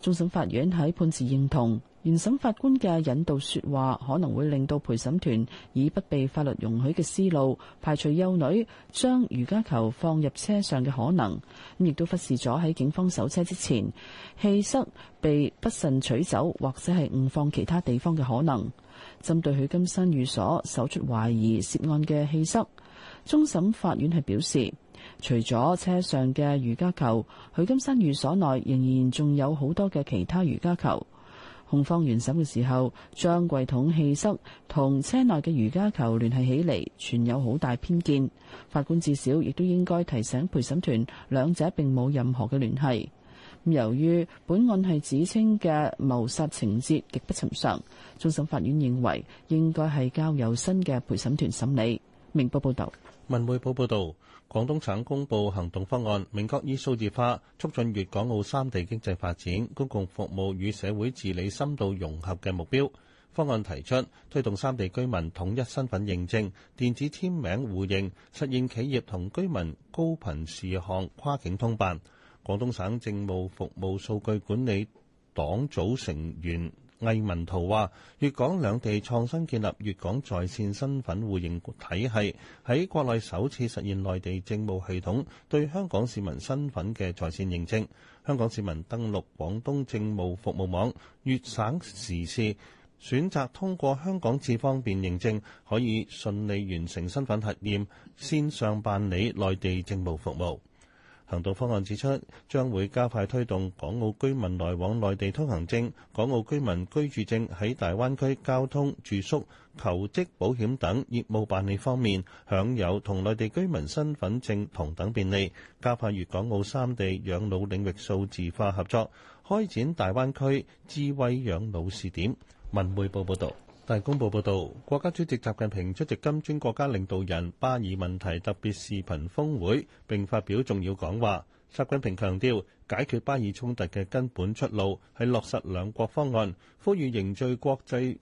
終審法院喺判詞認同。原審法官嘅引導説話可能會令到陪審團以不被法律容許嘅思路排除幼女將瑜伽球放入車上嘅可能，咁亦都忽視咗喺警方搜車之前氣塞被不慎取走或者係誤放其他地方嘅可能。針對許金山寓所搜出懷疑涉案嘅氣塞，終審法院係表示，除咗車上嘅瑜伽球，許金山寓所內仍然仲有好多嘅其他瑜伽球。控方原審嘅時候，將櫃桶氣塞同車內嘅瑜伽球聯繫起嚟，存有好大偏見。法官至少亦都應該提醒陪審團兩者並冇任何嘅聯繫。咁由於本案係指稱嘅謀殺情節極不尋常，終審法院認為應該係交由新嘅陪審團審理。明報報道，文匯報報道。廣東省公布行動方案，明確以數字化促進粵港澳三地經濟發展、公共服務與社會治理深度融合嘅目標。方案提出推動三地居民統一身份認證、電子簽名互認，實現企業同居民高頻事項跨境通辦。廣東省政務服務數據管理黨組成員。魏文濤話，粵港兩地創新建立粵港在線身份互認體系，喺國內首次實現內地政務系統對香港市民身份嘅在線認證，香港市民登錄廣東政務服務網粵省時事，選擇通過香港智方便認證，可以順利完成身份核驗，線上辦理內地政務服務。行動方案指出，將會加快推動港澳居民來往內地通行證、港澳居民居住證喺大灣區交通、住宿、求職、保險等業務辦理方面享有同內地居民身份證同等便利，加快粵港澳三地養老領域數字化合作，開展大灣區智慧養老試點。文匯報報導。大公報報導，國家主席習近平出席金磚國家領導人巴以問題特別視頻峰會並發表重要講話。習近平強調，解決巴以衝突嘅根本出路係落實兩國方案，呼籲凝聚國際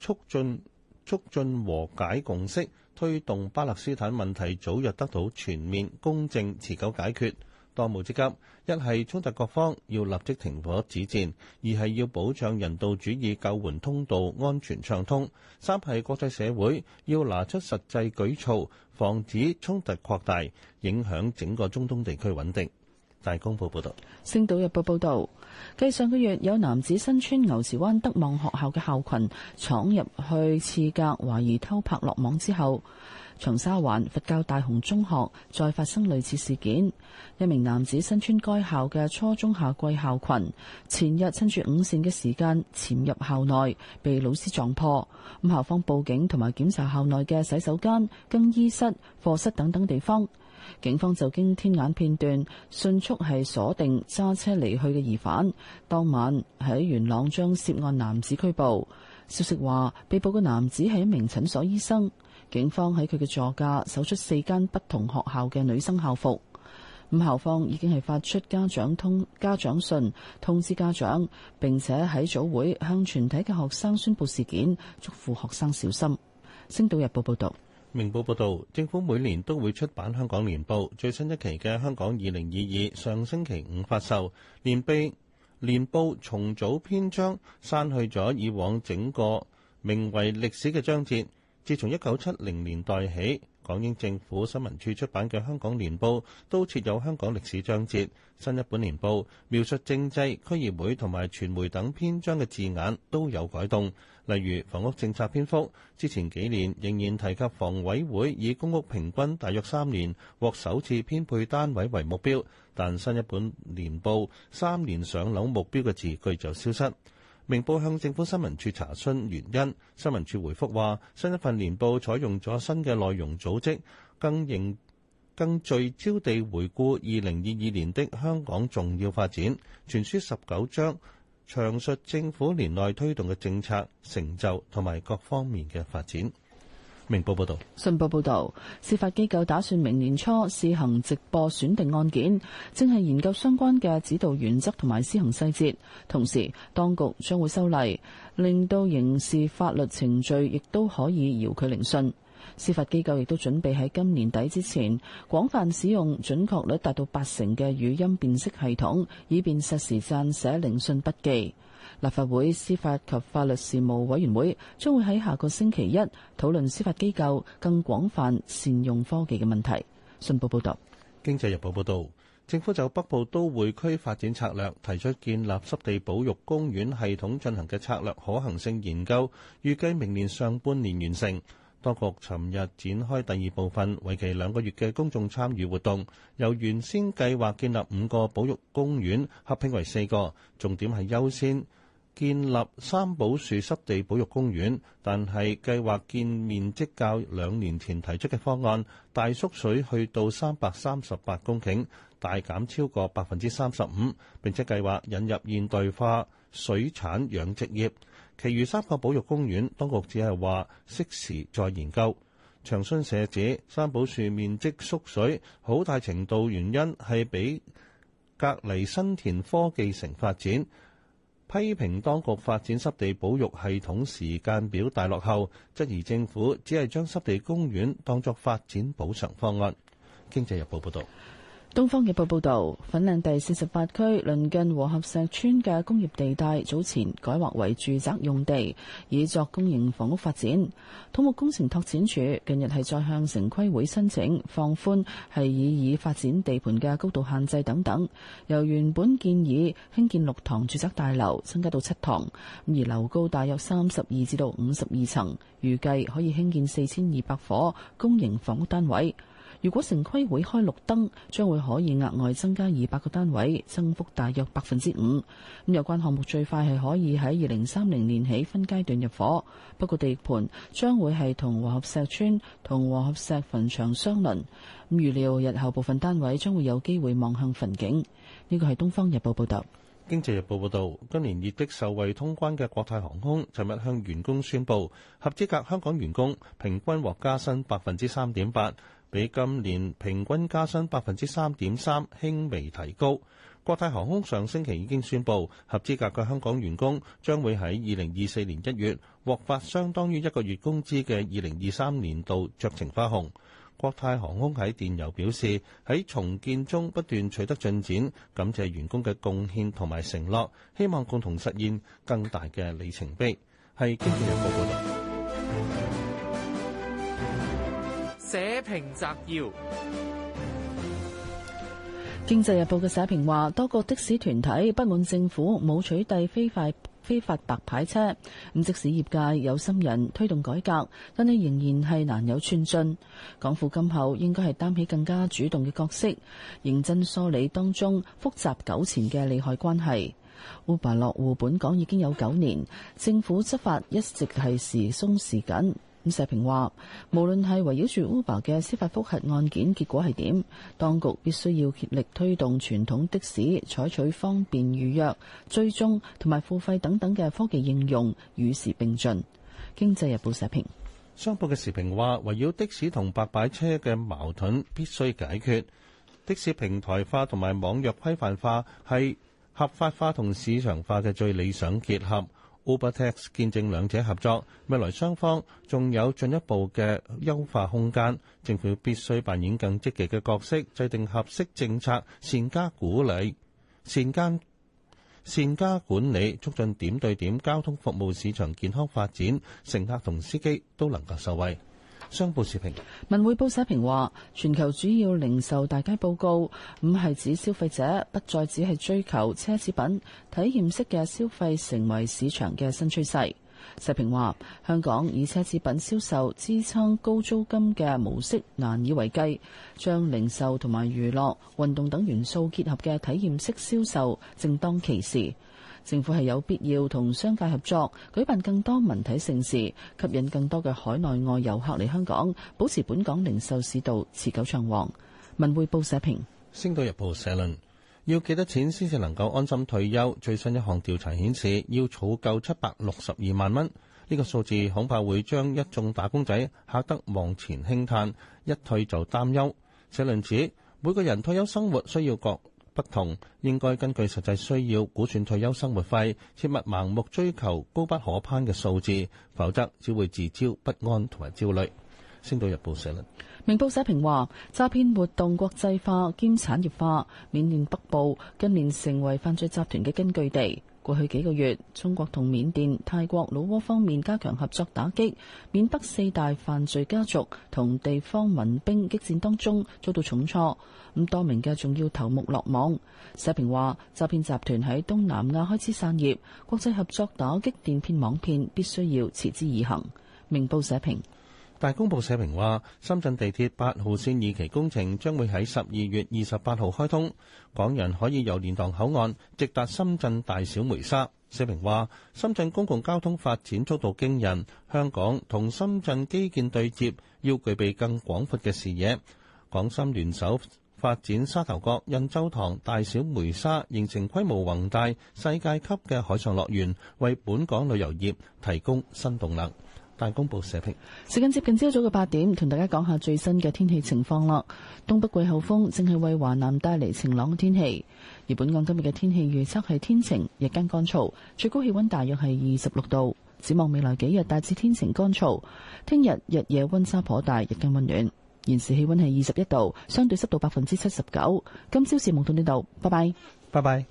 促進促進和解共識，推動巴勒斯坦問題早日得到全面、公正、持久解決。當務之急，一係衝突各方要立即停火止戰，二係要保障人道主義救援通道安全暢通，三係國際社會要拿出實際舉措，防止衝突擴大，影響整個中東地區穩定。大公報報道。《星島日報》報道，繼上個月有男子身穿牛池灣德望學校嘅校裙，闖入去廁格懷疑偷拍落網之後。長沙灣佛教大雄中學再發生類似事件，一名男子身穿該校嘅初中夏季校裙，前日趁住午膳嘅時間潛入校內，被老師撞破。咁校方報警同埋檢查校內嘅洗手間、更衣室、課室等等地方。警方就經天眼片段，迅速係鎖定揸車離去嘅疑犯。當晚喺元朗將涉案男子拘捕。消息話，被捕嘅男子係一名診所醫生。警方喺佢嘅座駕搜出四間不同學校嘅女生校服，咁校方已經係發出家長通家長信通知家長，並且喺早會向全體嘅學生宣布事件，囑咐學生小心。星島日報報道，明報報道，政府每年都會出版香港年報，最新一期嘅香港二零二二上星期五發售，連被年報重組篇章刪去咗以往整個名為歷史嘅章節。自從一九七零年代起，港英政府新聞處出版嘅《香港年報》都設有香港歷史章節。新一本年報描述政制、區議會同埋傳媒等篇章嘅字眼都有改動。例如房屋政策篇幅，之前幾年仍然提及房委會以公屋平均大約三年獲首次編配單位為目標，但新一本年報三年上樓目標嘅字句就消失。明報向政府新聞處查詢原因，新聞處回覆話：新一份年報採用咗新嘅內容組織，更認更聚焦地回顧二零二二年的香港重要發展，全書十九章，詳述政府年內推動嘅政策成就同埋各方面嘅發展。明報報導，信報報導，司法機構打算明年初試行直播選定案件，正係研究相關嘅指導原則同埋施行細節。同時，當局將會修例，令到刑事法律程序亦都可以遙距聆訊。司法機構亦都準備喺今年底之前，廣泛使用準確率達到八成嘅語音辨識系統，以便實時撰寫聆訊筆記。立法會司法及法律事務委員會將會喺下個星期一討論司法機構更廣泛善用科技嘅問題。信報報導，《經濟日報》報道：政府就北部都會區發展策略提出建立濕地保育公園系統進行嘅策略可行性研究，預計明年上半年完成。當局尋日展開第二部分，為期兩個月嘅公眾參與活動，由原先計劃建立五個保育公園合拼為四個，重點係優先。建立三寶樹濕地保育公園，但係計劃建面積較兩年前提出嘅方案大縮水，去到三百三十八公頃，大減超過百分之三十五，並且計劃引入現代化水產養殖業。其餘三個保育公園，當局只係話適時再研究。長春社指，三寶樹面積縮水，好大程度原因係俾隔籬新田科技城發展。批評當局發展濕地保育系統時間表大落後，質疑政府只係將濕地公園當作發展補償方案。經濟日報報導。《東方日報》報導，粉嶺第四十八區鄰近和合石村嘅工業地帶，早前改劃為住宅用地，以作公營房屋發展。土木工程拓展署近日係再向城規會申請放寬，係以以發展地盤嘅高度限制等等，由原本建議興建六堂住宅大樓，增加到七堂，而樓高大約三十二至到五十二層，預計可以興建四千二百伙公營房屋單位。如果城規會開綠燈，將會可以額外增加二百個單位，增幅大約百分之五。咁有關項目最快係可以喺二零三零年起分階段入伙。不過地盤將會係同和合石村同和合石墳場相鄰。咁預料日後部分單位將會有機會望向墳景。呢個係《東方日報》報導，《經濟日報》報導，今年熱的受惠通關嘅國泰航空，尋日向員工宣布，合資格香港員工平均獲加薪百分之三點八。比今年平均加薪百分之三點三，輕微提高。國泰航空上星期已經宣布，合資格嘅香港員工將會喺二零二四年一月獲發相當於一個月工資嘅二零二三年度酌情花紅。國泰航空喺電郵表示，喺重建中不斷取得進展，感謝員工嘅貢獻同埋承諾，希望共同實現更大嘅里程碑。係經濟日報報導。社評摘要：經濟日報嘅社評話，多個的士團體不滿政府冇取締非法非法白牌車，咁即使業界有心人推動改革，但係仍然係難有寸進。港府今後應該係擔起更加主動嘅角色，認真梳理當中複雜糾纏嘅利害關係。Uber 落戶本港已經有九年，政府執法一直係時鬆時緊。社評話，無論係圍繞住 Uber 嘅司法覆核案件結果係點，當局必須要竭力推動傳統的士採取方便預約、追蹤同埋付費等等嘅科技應用，與時並進。經濟日報社評，商報嘅時評話，圍繞的士同白牌車嘅矛盾必須解決，的士平台化同埋網約規範化係合法化同市場化嘅最理想結合。Uber Tax 見證兩者合作，未來雙方仲有進一步嘅優化空間。政府必須扮演更積極嘅角色，制定合適政策，善加鼓勵、善加、善加管理，促進點對點交通服務市場健康發展，乘客同司機都能夠受惠。商報時評文匯報社評話：全球主要零售大街報告唔係指消費者不再只係追求奢侈品體驗式嘅消費，成為市場嘅新趨勢。社評話：香港以奢侈品銷售支撐高租金嘅模式難以為繼，將零售同埋娛樂、運動等元素結合嘅體驗式銷售，正當其時。政府係有必要同商界合作，舉辦更多文體盛事，吸引更多嘅海內外遊客嚟香港，保持本港零售市道持久暢旺。文匯報社評，《星島日報》社論：要幾多錢先至能夠安心退休？最新一項調查顯示，要儲夠七百六十二萬蚊，呢個數字恐怕會將一眾打工仔吓得望前輕嘆一退就擔憂。社論指，每個人退休生活需要各。不同應該根據實際需要估算退休生活費，切勿盲目追求高不可攀嘅數字，否則只會自招不安同埋焦慮。星島日報社論，明報社評話，詐騙活動國際化兼產業化，緬甸北部近年成為犯罪集團嘅根據地。過去幾個月，中國同緬甸、泰國、老撾方面加強合作打擊，打擊緬北四大犯罪家族同地方民兵激戰當中遭到重挫，咁多名嘅重要頭目落網。社評話詐騙集團喺東南亞開始散葉，國際合作打擊電騙網騙必須要持之以恆。明報社評。大公報社評話，深圳地鐵八號線二期工程將會喺十二月二十八號開通，港人可以由蓮塘口岸直達深圳大小梅沙。社評話，深圳公共交通發展速度驚人，香港同深圳基建對接要具備更廣闊嘅視野。港深聯手發展沙頭角、印洲塘、大小梅沙，形成規模宏大、世界級嘅海上樂園，為本港旅遊業提供新動能。但公布社評。時間接近朝早嘅八點，同大家講下最新嘅天氣情況啦。東北季候風正係為華南帶嚟晴朗嘅天氣，而本港今日嘅天氣預測係天晴，日間乾燥，最高氣溫大約係二十六度。展望未來幾日大致天晴乾燥，聽日日夜溫差頗大，日間溫暖。現時氣溫係二十一度，相對濕度百分之七十九。今朝節目到呢度，拜拜，拜拜。